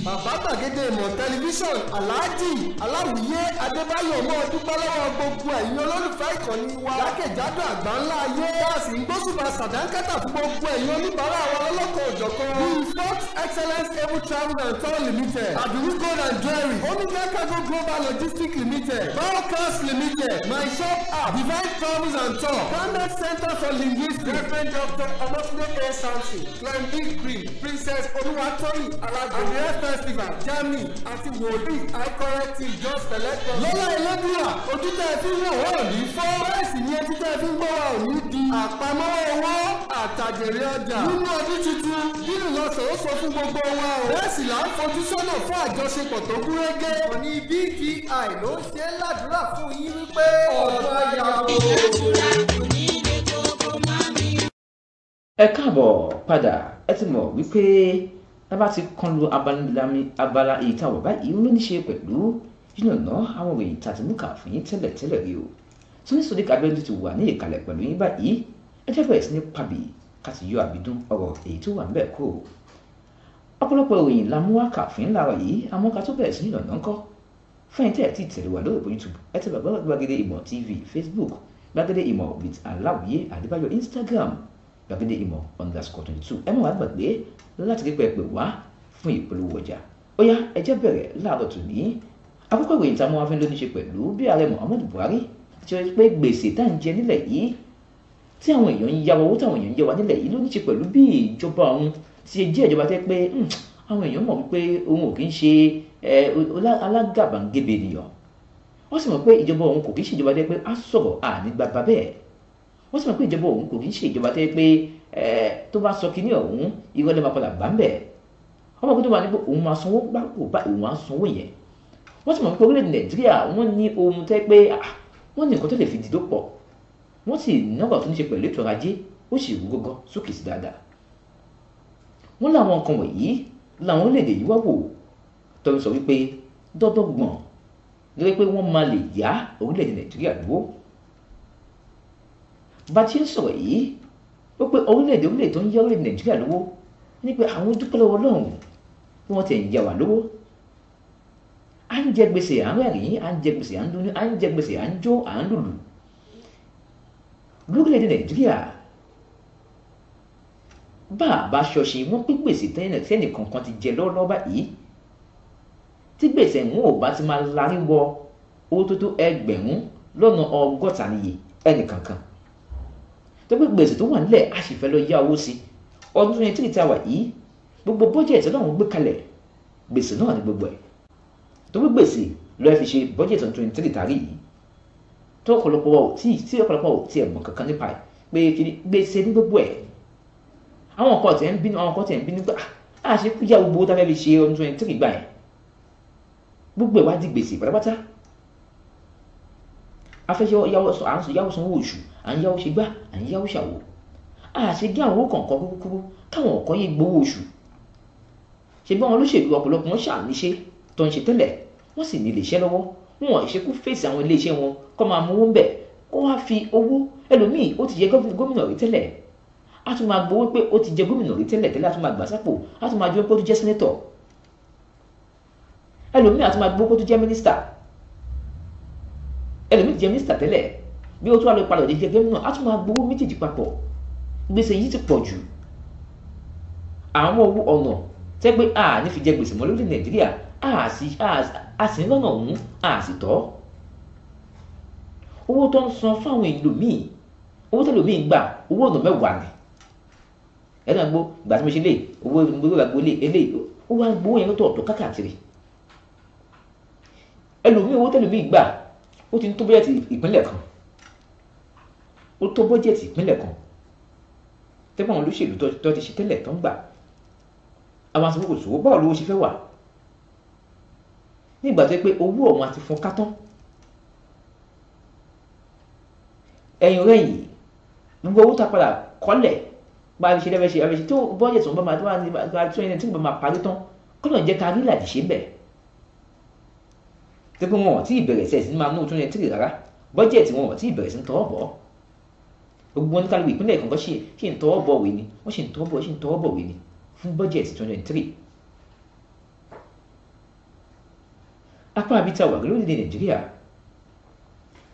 bàbá gbàgede ìmọ̀ tẹlifíṣọ̀n aláàjì aláwìyé adébáyọ̀ mọ́ dúpẹ́ lọ́wọ́ gbogbo ẹ̀yin olólùfẹ́ ìkànnì wa lákèjádò àgbà ńlá ayé dáàsì ń gbósùbà sàdánkátà fún gbogbo ẹ̀yin oníbàárà wa lọ́lọ́kọ̀ òjọ̀kan Excellence able travel and tour limited àdúgbò gold and jewelry onígbà cargo global logistics limited broadcast limited my shop app. Divine Problems and Talk. Canada Center for Linguistics. Reverend Dr. Omotunde A. Samson. Clement Green. Princess Oluwatoyin Alago. Adria Festival. Germany àti Wòlíì Àìkọ́rẹ́ ti Jos Selector. Lọ́lá Elédùà, ojú tẹ́ ẹ fi ń wò ó ní fọ́. Bẹ́ẹ̀ sì ni ojú tẹ́ ẹ fi ń gbọ́ wa ò ní di. Àpamọ́wọ́ owó àtàjèrè ọjà. Nínú ọdún tuntun, nínú lọ́sọ̀ ó sọ fún gbogbo wa o. Bẹ́ẹ̀ sì là ń fojú sọ́nà fún àjọṣepọ̀ tó gúnrégé. Òní BGI ló ń ṣe ládùúrà fún yín wípé ọ̀dọ́ ẹ káàbọ̀ padà ẹ ti mọ̀ wípé lábá ti kán lu abala ìtawọ̀ báyìí ó ní ṣe pẹ̀lú yíyànná àwọn èyí tàbí múkà fún yín tẹ́lẹ̀tẹ́lẹ̀ rí o tó ní sọ́dí kábẹ́ẹ́lì ti wà ní ìkàlẹ̀ pẹ̀lú yín báyìí ẹ jẹ́ bẹ̀rẹ̀ sí ní pàbí ká sì yọ àbídún ọ̀rọ̀ èyí tó wà ń bẹ̀ kúrò ọ̀pọ̀lọpọ̀ ìròyìn la mú wá kà fún yín láàárọ̀ yìí àmọ́ ká tó bẹ̀rẹ̀ sí yíyànná ńkọ́ fún ẹ̀tẹ́ àti ìtẹ̀lé wa lórí youtube ẹ tẹ bàbá gbàgede ìmọ̀ tv facebook gbàgede ìmọ̀ with aláwìyé àdébáyọ̀ instagram gbàgede ìmọ̀ underscore twenty two ẹ má wàá gbàgbé láti rí pẹ́ pé wá fún ìpolówó ọjà ó yá ẹ jẹ́ bẹ̀rẹ̀ láàárọ̀ tó ní akókò ìròyìn táwọn afẹ́ ló ní ṣe pẹ̀lú bí ààrẹ muhammadu buhari ti sọ pé gbèsè tá à ń jẹ nílẹ̀ yìí tí àwọn èèyàn ń yáwó owó táwọn èèyàn ń yẹ wá nílẹ̀ yìí ló ní ṣe pẹ̀lú bí ìjọba òun ti jẹ́ ìjọba tẹ́ pé hmm, àwọn èèyàn mọ̀ wípé òun ò kí ń ṣe alágàbàǹgebè ènìyàn wọ́n sì mọ̀ pé ìjọba òun kò kí ń ṣèjọba tẹ́ pé á sọ̀rọ̀ ànígbàgbà bẹ́ẹ̀ wọ́n sì mọ̀ pé ìjọba òun kò kí ń ṣèjọba tẹ́ pé tó bá sọ kínní ọ̀hún irọ́ lè máa padà bá ń bẹ̀ ọmọ kó tó wà ní pé òun máa sanwó gbàgbó bá òun á sanwó yẹn wọ́n sì mọ̀ pé orílẹ̀-èdè nàìjíríà wọ́n ní ohun tẹ́ pé wọ́n ní nǹkan tó lè fi dìdó pọ̀ wọ́n sì nọ́gbà tó ní ṣe pẹ̀lú ètò ọrọ̀ ajé ó sì rú gọ́gọ́ sókè sí dáadáa wọ́n láwọn nǹkan wọ̀nyí làwọn orílẹ̀-èdè yìí wá wò tó ń sọ wípé dọ́dọ̀gbọ̀n gẹ́gẹ́ pé wọ́n máa lè yá orílẹ̀-èdè nàìjíríà dúró bá ti ń sọ̀rọ̀ yìí ó pé orílẹ̀-èdè orílẹ̀-èdè tó ń yá orílẹ̀-èdè nàìjíríà lówó ní pé àwọn dúpẹ́ lọ́wọ́ ọlọ́run bí wọ́n ti ń yá wa lówó à ń jẹ gbèsè à ń rẹ̀rìn à ń jẹ gbèsè à ń dunnú à ń jẹ gbèsè à ń jó à ń lùlù lórílẹ̀-èdè nàìjíríà bá a bá ṣọṣin wọ́n pín gbèsè tẹ́nìkankan ti jẹ lọ́wọ́lọ́wọ́ báyìí tí gbèsè ń ò bá ti máa larí wọ owó tó tó ẹgbẹ̀rún lọ́nà ọgọ́ta níye ẹnìkankan tó pé gbèsè tó wà nílẹ̀ a lọ yá owó sí ọdún twenty three tá a wà yìí gbogbo bọ́jẹ̀tì ọlọ́run gbé kalẹ̀ gbèsè náà ní gbogbo ẹ̀ tó pé gbèsè lọ́ọ́ fi ṣe bọ́jẹ̀tì ọdún twenty three tàrí yìí tó ọ̀pọ̀lọpọ̀ ò tí tí ọ̀pọ̀lọpọ̀ ò tí ẹ̀ mọ̀ kankan nípa ẹ̀ pé gbèsè ní gbogbo ẹ̀ àwọn kan tẹ̀ ń bínú àwọn kan tẹ̀ ń bínú gbà á ah, ṣe kúyà gbogbo tá a fẹ́ fi ṣe ọdún twenty three gbà yẹn gbogbo ẹ̀ wá di gbèsè pátápátá afẹ́ṣẹ́ yáwó sanwó oṣù à ń yáwó ṣe gbá à ń yáwó ṣàwó àṣegé àwọn owó kọ̀ọ̀kan kúkúrú káwọn ọ̀kan yé gbowó oṣù ṣe bí wọn lóṣèlú ọ̀pọ̀lọpọ̀ wọn ṣàníṣe tó ń ṣe tẹ́lẹ̀ wọ́n sì ní iléeṣẹ́ lọ́wọ́ wọn ìṣekú fèsì àwọn iléeṣẹ́ wọn kọ́ máa mú owó ń bẹ̀ kó wá fi owó ẹlòmíì ó ti jẹ gómìnà rí tẹ́lẹ̀ a tún máa gbowó pé ó ti jẹ gómìnà rí tẹ́lẹ̀ tẹ́lẹ̀ a tún máa gbà sápò a tún máa jẹ́ pé ó tún jẹ́ sẹ́nẹ́tọ̀ ẹlòmíì àti máa gbókó tó jẹ́ mínísítà ẹlòmíì ti jẹ́ mínísítà tẹ́lẹ̀ bí ó tún àlọ́ ìpalẹ̀ òde jẹ́ gómìnà á tún máa gbowó méjèèjì papọ̀ gbèsè yìí ti pọ̀ jù àwọn owó ọ̀nà tẹ́gbẹ́ a ní fi jẹ gbèsè mọ́ lórí nàìjíríà a sì ń lọ́nà ọ̀hún a sì tọ́ owó tó ń san fún àwọn èèyàn míì owó tẹ́lẹ̀ míì gbà owó ọ̀nà mẹ́wàá ni ẹ̀rọ àgbo gbàtí mo ṣe lé owó ìgbàgbọ́ lé eléyìí ó wá gbowó yẹn lọ́tọ̀ọ̀tọ̀ káàkiri ẹlòmíì owó tẹlòmíì gbà ó ti ń tó bọ́jẹ̀tì ìpínlẹ̀ kan ó tó bọ́jẹ̀tì ìpínlẹ̀ kan tẹ́gbọ́n àwọn olóṣèlú tó ti ṣe tẹ́lẹ̀ tó ń gbà àwọn aṣọ kò sòwò báwo lówó ṣe fẹ́ wà ní ìgbà tó yẹ pé owó ọ̀hún àti fún kátán ẹ̀yìn rẹ̀yìn gbogbo owó tá a padà kọ́lẹ̀ bá a ṣe lẹ́fẹ̀ẹ́ ṣe àfẹ́ṣe tó bọ́jẹ̀tì tó ń bá máa tó bá máa parí tán kọ́nà jẹ́ ká rí làdìṣe bẹ́ẹ̀ tó pé wọn ò tí ì bẹ̀rẹ̀ sẹ́ẹ̀ sí máa ná twenty three rárá wọn ò tí ì bẹ̀rẹ̀ sí ń gbogbo wọn kálukú ìpínlẹ̀ kọ̀ọ̀kan ṣì ń tọwọ́ bọ̀ wé ni wọ́n ṣì ń tọwọ́ bọ̀ ṣì ń tọwọ́ bọ̀ wé ni fún bọ́jẹ̀tì twenty three apá abita wà lórílẹ̀ nàìjíríà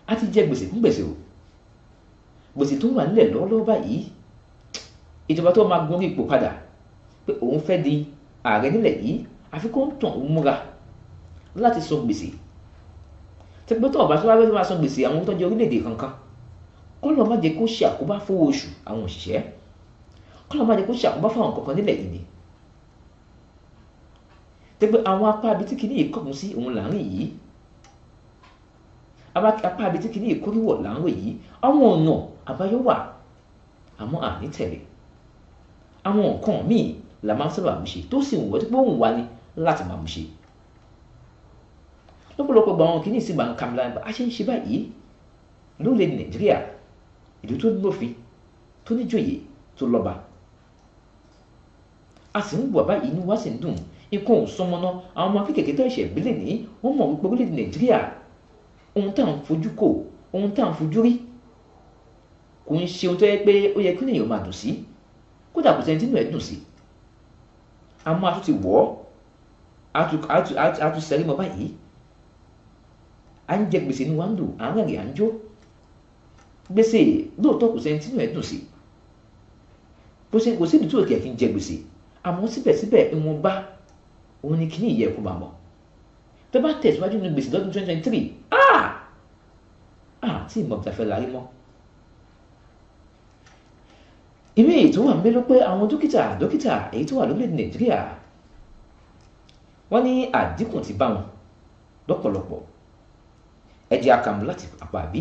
a ti jẹ gbèsè fún gbèsè o gbèsè tó wà nílẹ̀ lọ́wọ́lọ́wọ́ báyìí ìjọba tó máa gun ipò padà pé òun fẹ́ di ààrẹ nílẹ̀ yìí àfi tàn òun múra láti sọ gbèsè sẹgbẹ́ tó ọ̀bá síwájú tó máa san gbèsè àwọn tó jẹ orílẹ̀-èdè kankan kọ́lọ̀ má jẹ́ kó ṣe àkóbá fowó oṣù àwọn òṣìṣẹ́ kọ́lọ̀ má jẹ́ kó ṣe àkóbá fáwọn kankan nílẹ̀ yìí ni tẹgbẹ́ àwọn apá abí tí kìíní ìkọ̀kùn sí òun là ń rìn yìí apá abí tí kìíní ìkórìwọ̀ là ń rìn yìí àwọn ọ̀nà àbáyọ wà àmọ́ àní tẹ̀lé àwọn nǹkan míì la máa ń sábà mú ṣe tó sì ń wọ́n tó pé òun wá ní láti máa mú ṣe lọ́pọ̀lọpọ̀ gba àwọn kìíní sì máa ń kà mí lára a ṣe ń ṣe báyìí lórílẹ̀ nàìjíríà ìlú tó lófin tó níjòyè tó lọ́ba a sì ń wà báyìí inú wa sì ń dùn ikú ò sọmọ náà àwọn ọmọ akékèké tó ẹ̀ṣẹ̀ ìbílẹ̀ ní wọ́n mọ̀ wípé orílẹ̀ nàìjíríà ohun tá à ń fojú kò ohun tá à ń fojú rí kò ń ṣe ohun tó yẹ pé ó yẹ kí èèyàn máa dùn sí kódà kò sẹ́ni tí inú à ń jẹ gbèsè ní wàndù à ń rìn à ń jó gbèsè lóòótọ́ kò sẹ́ni tínú ẹ̀ dùn sí kò sí kò sí ìdí tó kẹ̀ kí n jẹ gbèsè àmọ́ síbẹ̀síbẹ̀ ìwọ̀nba òun ni kíní ìyẹ̀ kó bá mọ̀ tó bá ní gbèsè lọ́dún twenty twenty three ah ah tí ìmọ̀ ìtafẹ́ la rí mọ́ ìwé ètò wà mélòó pé àwọn dókítà dókítà èyí tó wà lórílẹ̀ Nàìjíríà wọ́n ní àdínkù ti bá wọn lọ́pọ̀lọpọ̀ ẹ di akamu láti apá àbí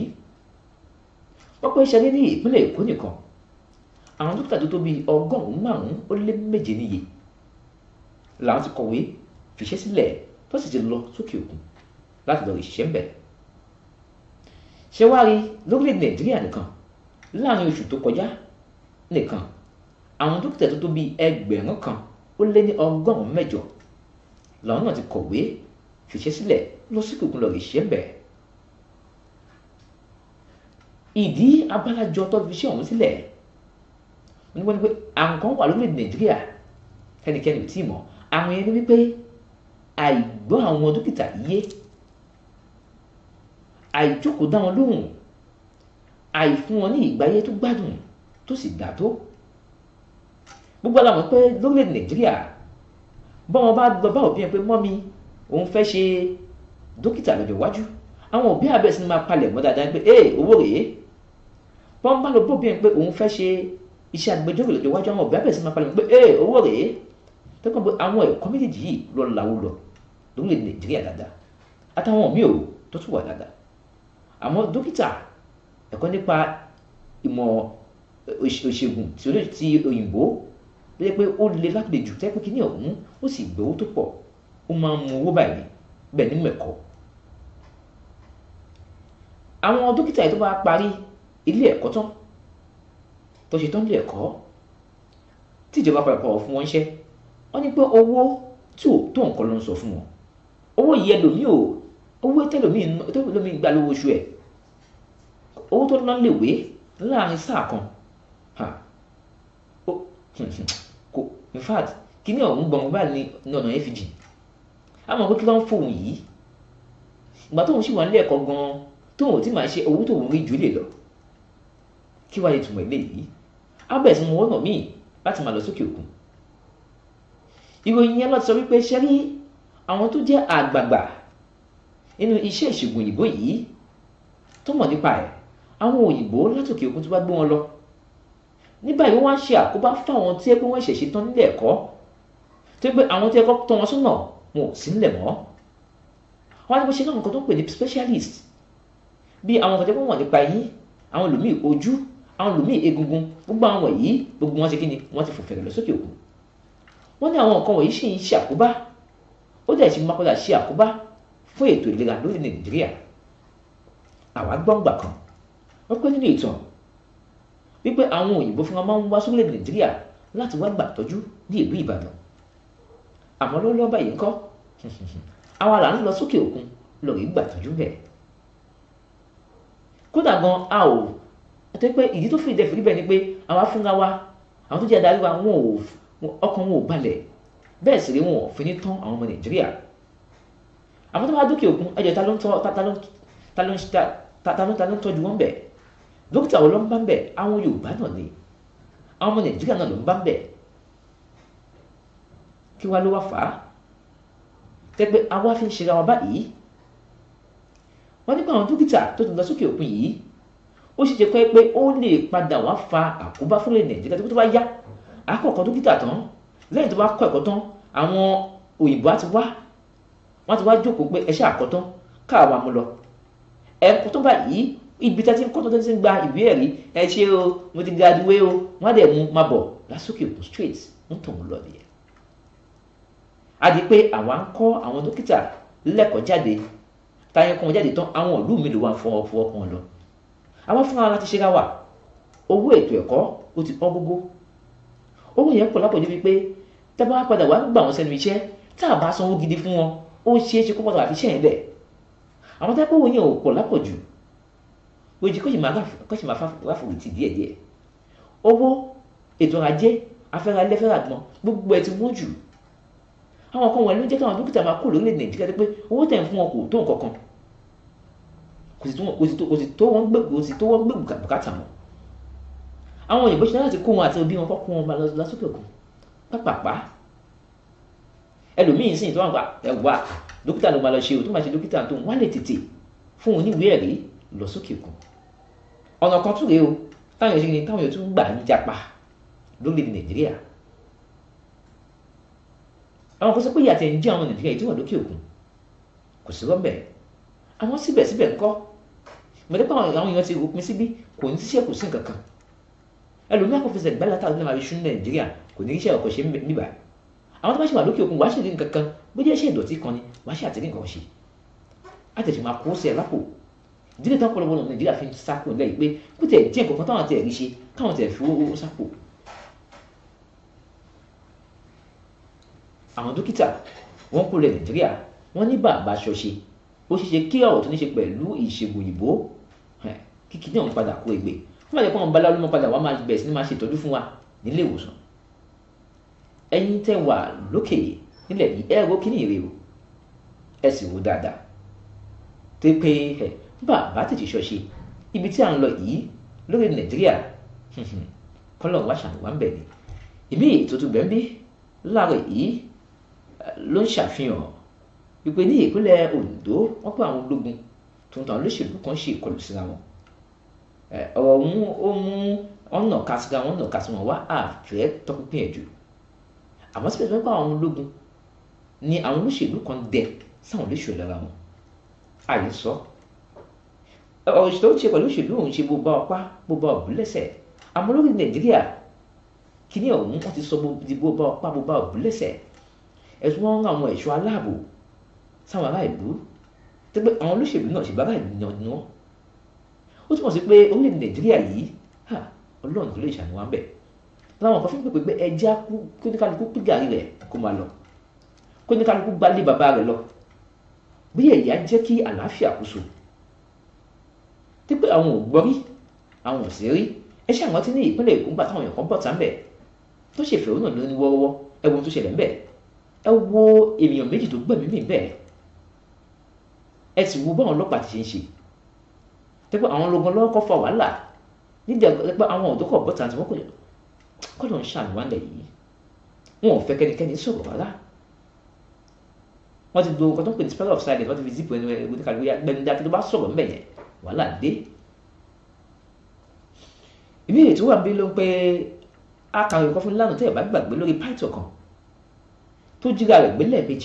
wọ́n pẹ́ ṣẹlẹ̀ ní ìpínlẹ̀ èkó nìkan àwọn dókítà tó tó bíi ọgọ́rùn-ún márùn-ún ó lé méje níye làwọn ti kọ̀wé fìṣẹ́ sílẹ̀ tó sì ti lọ sókè òkun láti lọ ìṣiṣẹ́ ńbẹ̀ ṣé wàá lórílẹ̀ nàìjíríà nìkan láàrin oṣù tó kọjá nìkan àwọn dókítà tó tó ẹgbẹ̀rún kan ó lé ní ọgọ́rùn-ún mẹ́jọ làwọn náà ti kọ̀wé fìṣẹ́ sílẹ̀ lọ sókè òkun lọ ìṣiṣẹ́ ńbẹ̀ ìdí abálájọ tó fi iṣẹ́ ọ̀hún sílẹ̀ wọ́n ní wọ́n ní pé àwọn kan wà lórílẹ̀ nàìjíríà ẹnikẹ́ni ò tí ì mọ̀ àwọn yẹn ní wípé àìgbọ́ àwọn dókítà yé àìjókòó dá wọn lóhùn àìfún wọn ní ìgbáyé tó gbádùn tó sì gbà tó gbogbo aláwọ̀ pé lórílẹ̀ nàìjíríà báwọn bá lọ bá òbí yẹn pé mọ́mi òun fẹ́ ṣe dókítà lọ́jọ́ iwájú àwọn òbí àbẹ̀sí ni máa palẹ̀ mọ́ dáadáa pé ee owó rèé wọ́n bá lọ bóbìnrin pé òun fẹ́ ṣe iṣẹ́ agbẹjọ́rò lọ́jọ́ iwájú àwọn ọ̀bẹ abẹ́rẹ́ sí máa palẹ̀ pé ee owó rèé tẹ́kọ̀ọ́ pé àwọn ẹ̀kọ́ méjèèjì yìí lọ làwọn lọ lórí nàìjíríà dáadáa àtàwọn míì ò tó tún wà dáadáa àmọ́ dókítà ẹ̀kọ́ nípa ìmọ̀ ìṣègùn tí òyìnbó ló yẹ pé ó le láti lè jù tẹ́pẹ́ kínní ọ̀hún ó sì gbowó tó pọ̀ ó máa ń mu owó báyìí bẹ́ẹ̀ nínú ẹ̀kọ́ àwọn dókítà yìí tó bá parí ilé ẹ̀kọ́ tán tó ṣe tán ilé ẹ̀kọ́ tí ìjọba padà fún wọn ṣẹ́ wọ́n ní pé owó tí ò tó nǹkan ló ń sọ fún wọn owó yìí ẹlòmíì ò owó tẹlòmíì tẹlòmíì gbà lówó oṣù ẹ̀ owó tó ná lè wé láàrin sáà kan kò in fact kí ni ọ̀hún gbọ̀ngàn báyìí ní ọ̀nà fg a pé kí ló ń fòun yìí ìgbà tóun sì wà nílé ẹ̀kọ́ gan-an tóun ò tí máa ṣe owó tóun rí jù lè lọ kí wàá ìtumọ̀ eléyìí á bẹ̀rẹ̀ sí mu wọ́nà míì láti máa lọ sókè òkun ìròyìn yẹn lọ sọ wípé ṣe rí àwọn tó jẹ́ àgbààgbà nínú iṣẹ́ ìṣègùn òyìnbó yìí tó mọ̀ nípa ẹ̀ àwọn òyìnbó látòkè òkun tó bá gbé wọn lọ ní báyìí wọ́n wá ṣe àkóbá fáwọn tí ẹ pé wọ́n tán nílẹ̀ ẹ̀kọ́ tó pé àwọn tí ẹ̀kọ́ tọ́ wọn sọ́nà wọn ò sí nílẹ̀ mọ́ wọ́n á ní ṣe láwọn kan tó ń pè ní specialist bí àwọn kan tó pọ̀ wọ́n nípa yín àwọn ẹlòmíì ojú àwọn lòmíì egungun gbogbo àwọn wọ̀nyí gbogbo wọn ti kí ni wọ́n ti fòfèrè lọ sókè òkun wọ́n ní àwọn nǹkan wọ̀nyí sì ń ṣe àkóbá ó dẹ̀ sì máa padà ṣe àkóbá fún ètò ìlera lórí nàìjíríà àwa gbọ́ngbà kan wọ́n pé nínú ìtàn wípé àwọn òyìnbó fúnra máa ń wá sórílẹ̀ nàìjíríà láti wá gbà tọ́jú ní ìlú ìbàdàn àmọ́ lọ́wọ́lọ́wọ́ báyìí ń kọ́ àwa là ń lọ sókè òkun lọ rí gbà tọ́jú bẹ́ẹ̀ kódà gan a ò tó pé ìdí tó fìdí ẹ̀fìrí bẹ́ẹ̀ ni pé àwọn afúnra wa àwọn tó jẹ́ adarí wa wọn ò ọkàn wọn ò balẹ̀ bẹ́ẹ̀ sì rí wọn ò fi ní tán àwọn ọmọ nàìjíríà àwọn tó wá dókè òkun ẹjọ ta ló ń tọ́jú wọn bẹ̀ dókítà wo ló ń bá ń bẹ̀ àwọn yorùbá náà ni àwọn ọmọ nàìjíríà náà ló ń bá ń bẹ̀ kí wá ló wá fà á tẹ́gbẹ́ àwa fi ń ṣe ra wọn báyìí wọ́n nípa àwọn dókítà tó ti lọ sókè òkun yìí ó ṣe ṣe pé pé ó lè padà wá fa àkóbá fún ilẹ̀ Nàìjíríà tó bá yá àkọ́kọ́ dókítà tán lẹ́yìn tó bá kọ́ ẹ̀kọ́ tán àwọn òyìnbó á ti wá wọ́n ti wá jókòó pé ẹ ṣe àkọ́tán káàwá mu lọ ẹ̀kọ́ tó bá yìí ibi tá ti ń kọ́ tó ti ń gba ìwé ẹ̀rí ẹ ṣe o mo ti gradué o wọ́n á dẹ̀ mú má bọ̀ lásòkè òkun straight ń tàn wọ́n lọ nìyẹn a di pé àwa ń kọ́ àwọn dókítà lẹ́kọ̀ọ́ jáde táyẹ̀kọ́ jáde tán àwọn ìlú mi ló wà fọwọ́ fọwọ́ kan lọ àwọn fúnra láti ṣe ra wà owó ètò ẹ̀kọ́ ó ti pọ́n gógó owó yẹn pọ̀ lápọ̀jù wípé tábà wá padà wá gbà wọn sẹ́nu iṣẹ́ tá a bá sanwó gidi fún wọn ó ṣeé ṣe kó pọ̀ tàbí iṣẹ́ yẹn lẹ̀ àwọn tábà owó yẹn ò pọ̀ lápọ̀jù lójú kó sì máa fáfòrò tì díẹ̀díẹ̀ owó ètò ọrọ̀ ajé afẹ́ra ilé fẹ́ra gbọ́n gbogbo ẹ̀ ti wọ́n jù àwọn kan wọ̀nyí ló jẹ́ káwọn dókítà máa kó lórílẹ̀ nàìjíríà pé owó tẹ̀ ń fún wọn kò tó nǹkan kan kò sì tó wọ́n gbé bùkátà mọ́ àwọn òyìnbó ṣe láti kó wọn àti òbí wọn kọ́ kó wọn bá lọ sókè òkun pápápá ẹlòmíín sì tó wọn gbà ẹwà dókítà ló máa lọ ṣe o tó máa ṣe dókítà tó wọn lè tètè fún un níwèé ẹ̀rí lọ sókè òkun ọ̀nà kan tún rèé o táwọn èèyàn ṣe ni táwọn èèyàn tún gbà ń japa lórílẹ̀ nàìjíríà àwọn kan sọ pé ìyà tẹ̀ ń jẹ àwọn nàìjíríà yìí tó wà lókè òkun kò sí rọ́bẹ̀ àwọn síbẹ̀síbẹ̀ ńkọ́ mọ̀tẹ́ pé àwọn èèyàn ti òpin bi kò ní tíṣẹ́ kò sí nǹkan kan ẹlòmíà kò fẹsẹ̀ gbálẹ̀ táwọn ọdún náà fi ṣúnú nàìjíríà kò ní iṣẹ́ ọkọ̀ ṣe níbà àwọn tó bá ṣe wà lókè òkun wàá ṣèlérí nǹkan kan bó jẹ́ iṣẹ́ ìdọ̀tí kan ni wàá ṣe àtẹ̀lé nǹkan ṣe àtẹ̀sí máa kó sí ẹ lápò dídé tó ọ̀pọ̀lọpọ̀ ọmọ nàìjíríà fi ń sápò ńlẹ̀ yìí pé kó tẹ̀ díẹ̀ nǹkan táwọn tẹ̀ rí ṣe káwọn tẹ̀ fi owó sápò. àwọn dókítà wọ́n kó lẹ̀ nàìjíríà wọ́n ní bàbá aṣọ ṣe ó ṣeé ṣe kí ọ̀rọ̀ tó ní ṣe pẹ̀lú ìṣègùn òyìnbó kìkì ní òun padà kó egbe wọ́n máa jẹ́ pé àwọn babaláwo ló máa padà wá máa bẹ̀rẹ̀ sí ní máa ṣètọ́jú fún wa nílé ìwòsàn ẹ̀yin tẹ́ wà lókè yìí nílẹ̀ yìí ẹ ro kíní ìrè o ẹ sì wo dáadáa tó pé ẹ bàbá tètè ṣọṣe ibi tí à ń lọ yìí lórí nàìjíríà kọ́lọ̀ wá ṣàmùwá ń bẹ̀ ni ìmí ètùtù bẹ́ńbí láàárọ̀ yìí ló ń ṣàfihàn wípé ní ìpínlẹ̀ Ondo wọ́n pé àwọn ológun tuntun àwọn olóṣèlú kan ṣe ìkọlù síra wọn ɔmu ɔmu ɔnɔ kasika ɔnɔ kasika wa a fẹ́ tọpinpin ẹ̀jù àmọ́ síbẹ̀síbẹ̀ kó àwọn ológun ni àwọn olóṣèlú kan dẹ sáwọn olóṣèlú lára wọn àyè sọ ọ̀ṣọ́ ṣe pẹ̀lú òṣèlú òun ṣe gbogbo ọpá gbogbo ọ̀bù lẹ́sẹ̀ àmọ́ lórí nàìjíríà kíní ọ̀hún wọ́n ti sọ gbogbo ọpá gbogbo ọ̀bù lẹ́sẹ̀ ẹ̀sùn wọn àwọn ẹ̀ṣọ́ aláàbò sáwọn ará ìlú tẹ́gbẹ́ àwọn olóṣèlú náà ṣèbára ìlú náà ó túmọ̀ sí pé orílẹ̀-èdè nàìjíríà yìí ọlọ́run ló lè ṣàánú wa ń bẹ̀ láwọn kan fi ń pèpè pé ẹja kó ní kálukú pín gàrí rẹ̀ kó máa lọ kó ní kálukú gbálé bàbá rẹ̀ lọ bí ẹ̀yà jẹ́ kí àlàáfíà kó so tí pé àwọn ò gbọ́ rí àwọn ò sí rí ẹ ṣe àwọn tí ní ìpínlẹ̀ èkó ń bá táwọn èèyàn kan bọ̀ tá ń bẹ̀ tó ṣe fẹ̀rẹ̀ náà lóní wọ́ọ́rọ́wọ́ ẹ wo tó ṣẹlẹ̀ ń bẹ̀ ẹ wo ènìyàn méjì tó gbẹ̀mí mì bẹ́ẹ̀ ẹ sì wo báwọn ọlọ́pàá ti ṣe ń ṣe pé àwọn ológun lọ́wọ́ kọ́ fa wàhálà nídìí pé àwọn ọ̀dọ́ kọ̀ bọ́ta àti wọ́n kò kọ́ ló ń ṣàánú wálẹ̀ yìí wọn ò fẹ́ kẹ́nikẹ́ni sọ̀rọ̀ rárá wọ́n ti do nǹkan tó ń pè ní spell of silence wọ́n ti fi zipo ẹnu ẹgbẹ́ ní kàlùkù gbẹ̀ndé àti tó bá sọ̀rọ̀ ń bẹ̀ yẹn wàhálà dé. ìbéèrè tó wà bí ló ń pẹ́ akàwé kan fún lánàá tẹ́yẹ̀ bá gbàgbé lórí pàìtọ̀ kan tó jíra rẹ̀ ń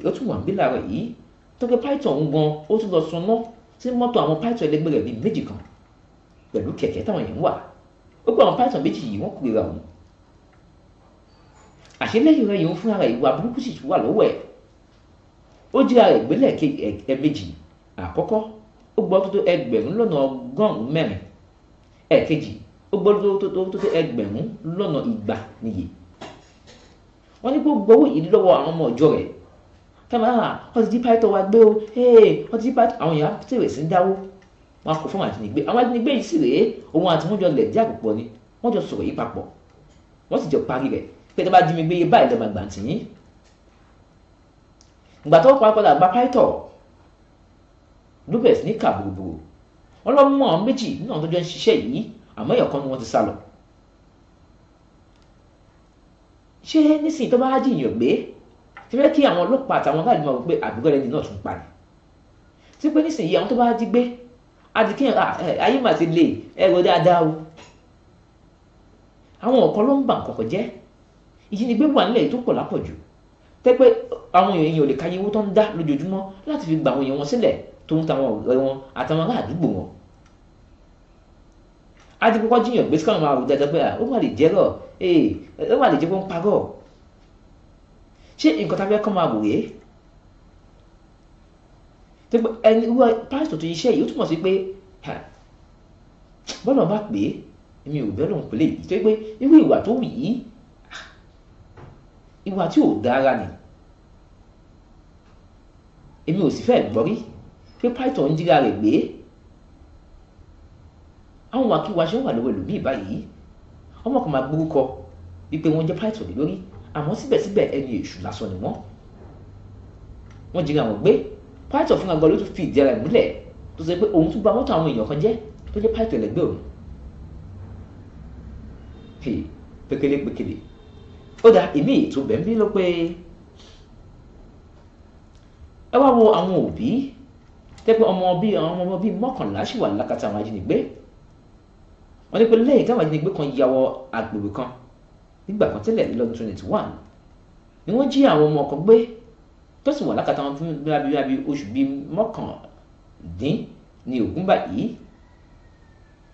gan ó tún lọ sun náà tí mọ́tò àwọn python ẹlẹgbẹ́ rẹ̀ bíi méjì kan pẹ̀lú kẹ̀kẹ́ táwọn èèyàn ń wà ó gbọ́ àwọn python méjì yìí wọ́n kúrera òun àṣé lẹ́yìn yìí ń fúnra rẹ̀ ìwà burúkú sì wà lọ́wọ́ ẹ̀ ó jíra rẹ̀ gbélé ẹ̀ẹ̀mejì àkọ́kọ́ ó gbọ́ tó tó ẹgbẹ̀rún lọ́nà ọgọ́rùn-ún mẹ́rin ẹ̀ẹ̀kejì ó gbọ́ tó tó tó tó ẹgbẹ̀rún lọ́nà igba nìyí wọ́n ní gbogbo owó yìí àwọn ọmọ ọ̀jọ́ rẹ̀ kẹ́mẹ́rà wọ́n ti jí pàtó wa gbé o wọ́n ti jí pàtó àwọn èèyàn tèrè sí ń dáwó wọn kò fún àwọn àjínigbé àwọn àjínigbé yìí sì rèé òun àti wọn jọ lẹ̀ díà púpọ̀ ni wọ́n jọ sọ̀rọ̀ yìí papọ̀ wọ́n sì jọ parí rẹ̀ pé tó bá jí mi gbé yìí báyìí lọ́mọ ìgbà tì yín. ìgbà tó pa padà gba pàtó lópez ní kàbùrùbùrù wọn lọ mú àwọn méjì nínú tó jọ ń ṣiṣẹ́ yìí àmọ́ èèyàn kan ni wọ́n ti sá lọ. ṣé nísìnyí tó bá jí ìyàn gbé ti fẹ́ kí àwọn ọlọ́pàá àtàwọn aráàlú máa wọ pé àbúrò ẹni náà tún pa ni tí pé nísìnyí àwọn tó bá jí gbé adìkíyàn ayé mà ti lè ẹrọ dáadáa o àwọn ọ̀kan ló ń bà kọ̀kọ̀ jẹ́ ìjínigbé wà nílẹ̀ tó pọ̀ lápọ̀jù tẹ́pẹ́ àwọn èèyàn ò lè káyé owó tó ń dá lójoojúmọ́ láti fi gba àwọn èèyàn wọn sílẹ̀ tó ń tàwọn ọ̀rẹ́ wọn àtàwọn ará àdúgbò wọn adigunkan jiyàn gbèsè káwọn máa rò dáadáa pé ó má lè jẹ́ rọ̀ ó má lè jẹ́ pé ó ń parọ́ ṣé nǹkan tá a fẹ́ kọ́ máa wòye tó pé ẹni wíwá pásítọ̀ tó iṣẹ́ yìí ó túmọ̀ sí pé bọ́lá bá pè é èmi ò bẹ́ẹ̀ lòun pèlè yìí tó pé irú ìwà tó wù yìí ah, ìwà tí ò dára ni èmi ò sì fẹ́ gbọ́ rí pé pásítọ̀ ń jíra rẹ̀ gbé àwọn akíwaṣẹ́ wà lọ́wọ́ ẹlòmíì báyìí ọmọ máa gbórúkọ wípé wọ́n jẹ́ pásítọ̀ lórí àmọ́ síbẹ̀síbẹ̀ ẹni èṣù lásán ni wọ́n wọ́n jíra wọn gbé pàtó fúnra gan ló tún fi ìdí ara ìmúlẹ̀ tó ṣe pé òun tún bà mọ́tò àwọn èèyàn kan jẹ́ tó jẹ́ pàtó ẹlẹgbẹ́ òun pè pékélé pékélé ó dá ìmí ètò bẹ̀m̀bí ló pé ẹ wá wo àwọn òbí tẹ́pẹ́ ọmọ bíi àwọn ọmọ bíi mọ́kànlá ṣì wà lákàtà àwọn ajínigbé wọ́n ní pé lẹ́yìn táwọn ajínigbé kan ya wọ agbègbè kan nígbà kan tẹ́lẹ̀ lọ́dún twenty one ni wọ́n jí àwọn ọmọ ọkọ gbé tó sì wà lákàtà wọn fún bíi oṣù bíi mọ́kàndín ní ogun báyìí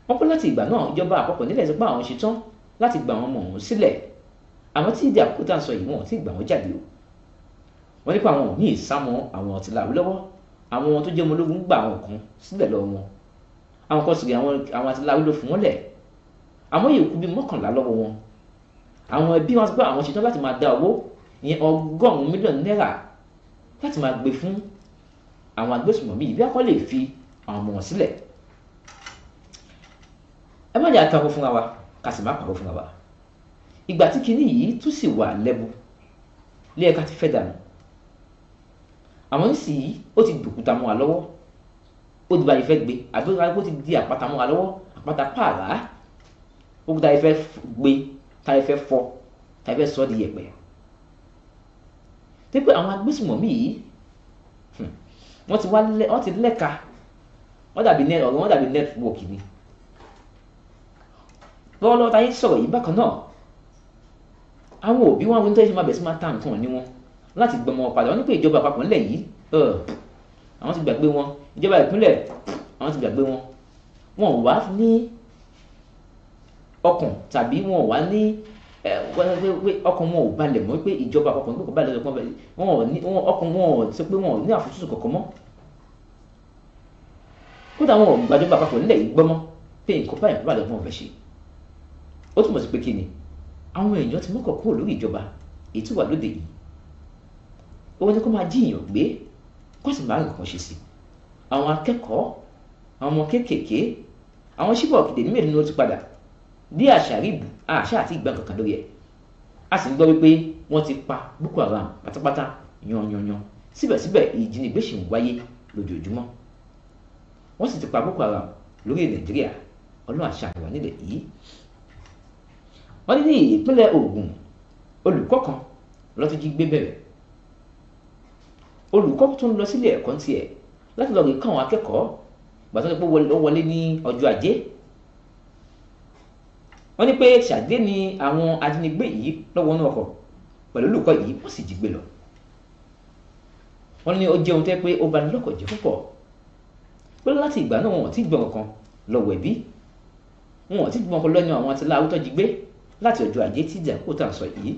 wọ́n pẹ́ láti ìgbà náà ìjọba àpapọ̀ nílẹ̀ sọ pé àwọn ṣe tán láti gba àwọn ọmọ ọ̀hún sílẹ̀ àmọ́ tí ìdí àkókò tá à ń sọ yìí wọn ò tí ì gbà wọ́n jáde o wọ́n nípa àwọn òní ìsámọ́ àwọn ti làwí lọ́wọ́ àwọn tó jẹ́ ọmọ ológun gba àwọn kan sílẹ̀ lọ́wọ́ wọn àwọn kan sì rí àwọn àti ló fún wọn lẹ̀ àmọ́ yòókù bíi mọ́kànlá lọ́wọ́ wọn àwọn ẹbí wọn sọ pé àwọn ṣetán láti máa da owó ìyẹn ọgọ́rùn-ún mílíọ̀nù náírà láti máa gbé fún àwọn agbésùmọ̀mí yìí bí akọ́ lè fi àwọn ọmọ wọn sílẹ̀ ẹ má jẹ́ àtàwọn fúnra wa ká sì má pàrọ̀ fúnra wa ìgbà tí kinní yìí tún sì wà lẹ́bu lé ẹ̀ka ti fẹ́ dànù àwọn nísìnyí ó ti dòkúta mọ́ wa lọ́wọ́ ó ti bá ìfẹ́ gbé àbí ó ti di àpáta mọ́ wa lọ́wọ́ àpáta pààrà ó ti bá ìfẹ́ gbé tá fẹ́ fọ́ tá fẹ́ sọ di yẹ̀pẹ̀ pípé àwọn agbésùmọ̀mí yìí hmm, wọ́n ti wá lẹ́ wọ́n ti lẹ́ka wọ́n dàbí net ọ̀rọ̀ wọ́n dàbí network ni lọ́wọ́lọ́wọ́ táyé sọ̀rọ̀ yìí bákan náà àwọn òbí wọn tó ṣe máa bẹ̀ máa tàn tàn wọn láti gbọmọ padà àwọn ti gbàgbé wọn ìjọba ìpínlẹ̀ àwọn ti gbàgbé wọn wọn ò ní ọkàn tàbí wọn ò wá ní ọkàn wọn ò balẹ̀ mọ́ pé ìjọba àpapọ̀ nígbà kan balẹ̀ lọ́pọ̀ ọkàn wọn ò sọ pé wọn ò ní àfojúsùn kankan mọ́ kódà wọn ò gbàjọba àpapọ̀ nílẹ̀ yìí gbọ́mọ́ pé nǹkan báyìí nǹkan báyìí lọ́pọ̀ wọn fẹ́ ṣe ó túmọ̀ sí pé kí ni àwọn èèyàn ti mọ́kàn kúrò lórí ìjọba èyí tí wà lóde yìí owó ni kó máa jíyàn gbé kó sì máa nǹkan ṣe sí àwọn akẹ́kọ̀ọ́ àwọn ọmọ kéékèèké àwọn ṣíbọ̀ òkèdè ní mẹ́rin ni ó ti padà dí àṣàríbù àṣà àti ìgbà kankan lórí ẹ̀ a sì ń gbọ́ wípé wọ́n ti pa Boko Haram pátápátá yanyanyan síbẹ̀síbẹ̀ ìjínigbé ṣì ń wáyé lójoojúmọ́ wọ́n sì ti pa Boko Haram lórí Nàìjíríà ọlọ́run àṣàyàn nílẹ̀ yìí wọ́n ní ní ìpínlẹ̀ Ògùn olùkọ́ kan ló ti jí gbé bẹ̀rẹ̀ olùkọ́ tó ń lọ sílé ẹ̀kọ́ tiẹ̀ láti lọ rí káwọn akẹ́kọ̀ọ́ gbàtọ́ pé wọ́n wọlé ní ọjọ́ ajé wọ́n ní pé ṣàdé ni àwọn ajínigbé yìí lọ́wọ́ inú ọkọ̀ pẹ̀lú olùkọ́ yìí wọ́n sì jí gbé lọ wọ́n ní ó jẹun tẹ́ pé ó bani lọ́kọ̀ jẹ́ púpọ̀ pé láti ìgbà náà wọn ò tí gbọ́n kankan lọ́wọ́ ẹ̀bí wọn ò tí gbọ́n kan lọ́nu àwọn àti láwùtọ́ jí gbé láti ọjọ́ ajé tí ìjà kó tà ń sọ yìí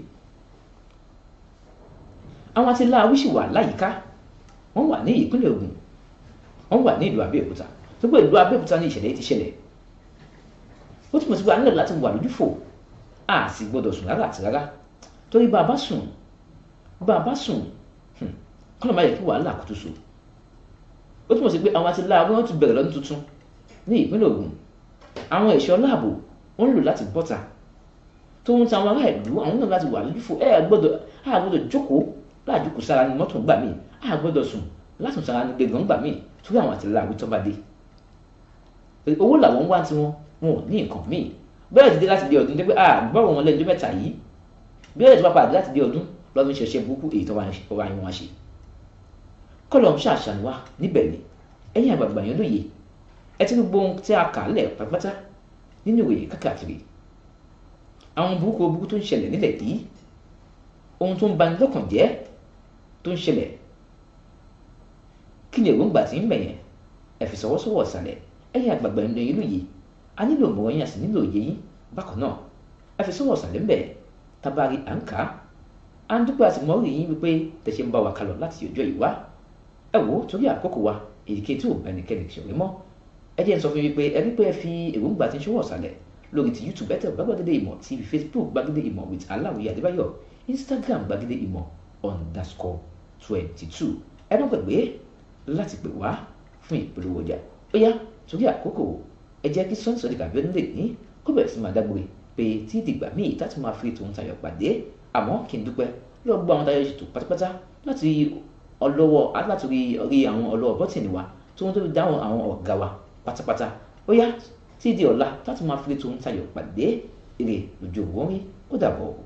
àwọn àti láwù sì wà láyìíká wọ́n wà ní ìpínlẹ̀ Ògùn wọ́n wà ní ìlú Abẹ́òkúta tó pé ìlú Abẹ́òkúta ní ìṣẹ̀lẹ̀ ti ṣẹlẹ̀ ó túmọ̀ sí pé a nílò láti wà lójúfò a sì gbọ́dọ̀ sùn rárá àti rárá torí bá a bá sùn bá a bá sùn hmm, kọ́nà má yẹ kí wàhálà kó tó so ó túmọ̀ sí pé àwọn àti láàbù wọn ti bẹ̀rẹ̀ lọ́dún tuntun ní ìpínlẹ̀ Ògùn àwọn ẹ̀ṣọ́ láàbò wọ́n lò láti bọ́ta tó ń ta àwọn ará ìlú àwọn náà láti wà lójúfò ẹ àgbọ́dọ̀ àgbọ́dọ̀ jókòó láàjókòó sára ni mọ́tò gbà míì àgbọ́dọ̀ sùn látùn sára ni gbẹ̀gàn gbà míì torí àwọn àti láàbù tó bá dé owó làwọn ń wá tiwọn wọn ò ní nǹkan míì bẹ́ẹ̀ ti dé láti di ọdún tó pé à gbọ́rọ̀ wọn lẹ́nu mẹ́ta yìí bẹ́ẹ̀ ti wá padà láti di ọdún lọ́dún ṣẹṣẹ burúkú èyí tó wá ní wọn ṣe kọ́lọ̀ ń ṣàṣàlù wa níbẹ̀ ni ẹ̀yin àgbààgbà yẹn lóye ẹ ti gbogbo ohun tí a kà á lẹ̀ pátápátá nínú ìwé kákàkiri àwọn burúkú burúkú tó ń ṣẹlẹ̀ nílẹ̀ yìí ohun tó ń bani lọ́kàn jẹ́ tó ń ṣẹlẹ̀ kí ni èròǹgbà tí ń bẹ̀yẹn ẹ fi sọwọ́sọwọ́ ẹ̀yin àgbààgbà ìlú ìlú yìí a nílò òmùwọ̀ yín a sì nílò òye bákan náà ẹ fi sọ́wọ́ ọ̀sán lẹ́mbẹ̀ tabari à ń kà á à ń dúpẹ́ àti mọ́rì yín wípé tẹ̀sẹ̀ ń bá wa kalọ̀ láti ọjọ́ yìí wá ẹ wò ó torí àkókò wa èyíkéyìí tó ẹnikẹ́ni ṣọ̀rẹ́ mọ́ ẹ jẹ́ ń sọ fún mi pé ẹ rí pé ẹ fi èròǹgbà ti ṣọwọ́ ọ̀sàlẹ̀ lórí ti youtube ẹ tẹ̀ gbàgede ìmọ̀ tv facebook gbàgede ìmọ̀ with aláwìyé adébáyọ̀ instagram gbàgede ìmọ̀ underscore twenty two ẹ má gbàgbé láti pè wá ó yá torí àkókò ẹ jẹ́ kí Sọ́ni Sọ̀dí Kàbíọ́dún lè ní kó bẹ̀rẹ̀ sí máa dágbére pé tí ìdìgbà míì láti máa fi tòun tayọ̀ pàdé àmọ́ kí n dúpẹ́ lọ́ọ́ gbọ́ àwọn tayọ̀ ètò pátápátá láti ọlọ́wọ́ láti rí àwọn ọlọ́wọ́ bọ́tìnì wa tó ń tóbi dáhùn àwọn ọ̀gá wa pátápátá ó yá tí di ọ̀la láti máa fi tòun tayọ̀ pàdé èrè lójú òwò ń rí kó dàbọ̀ o.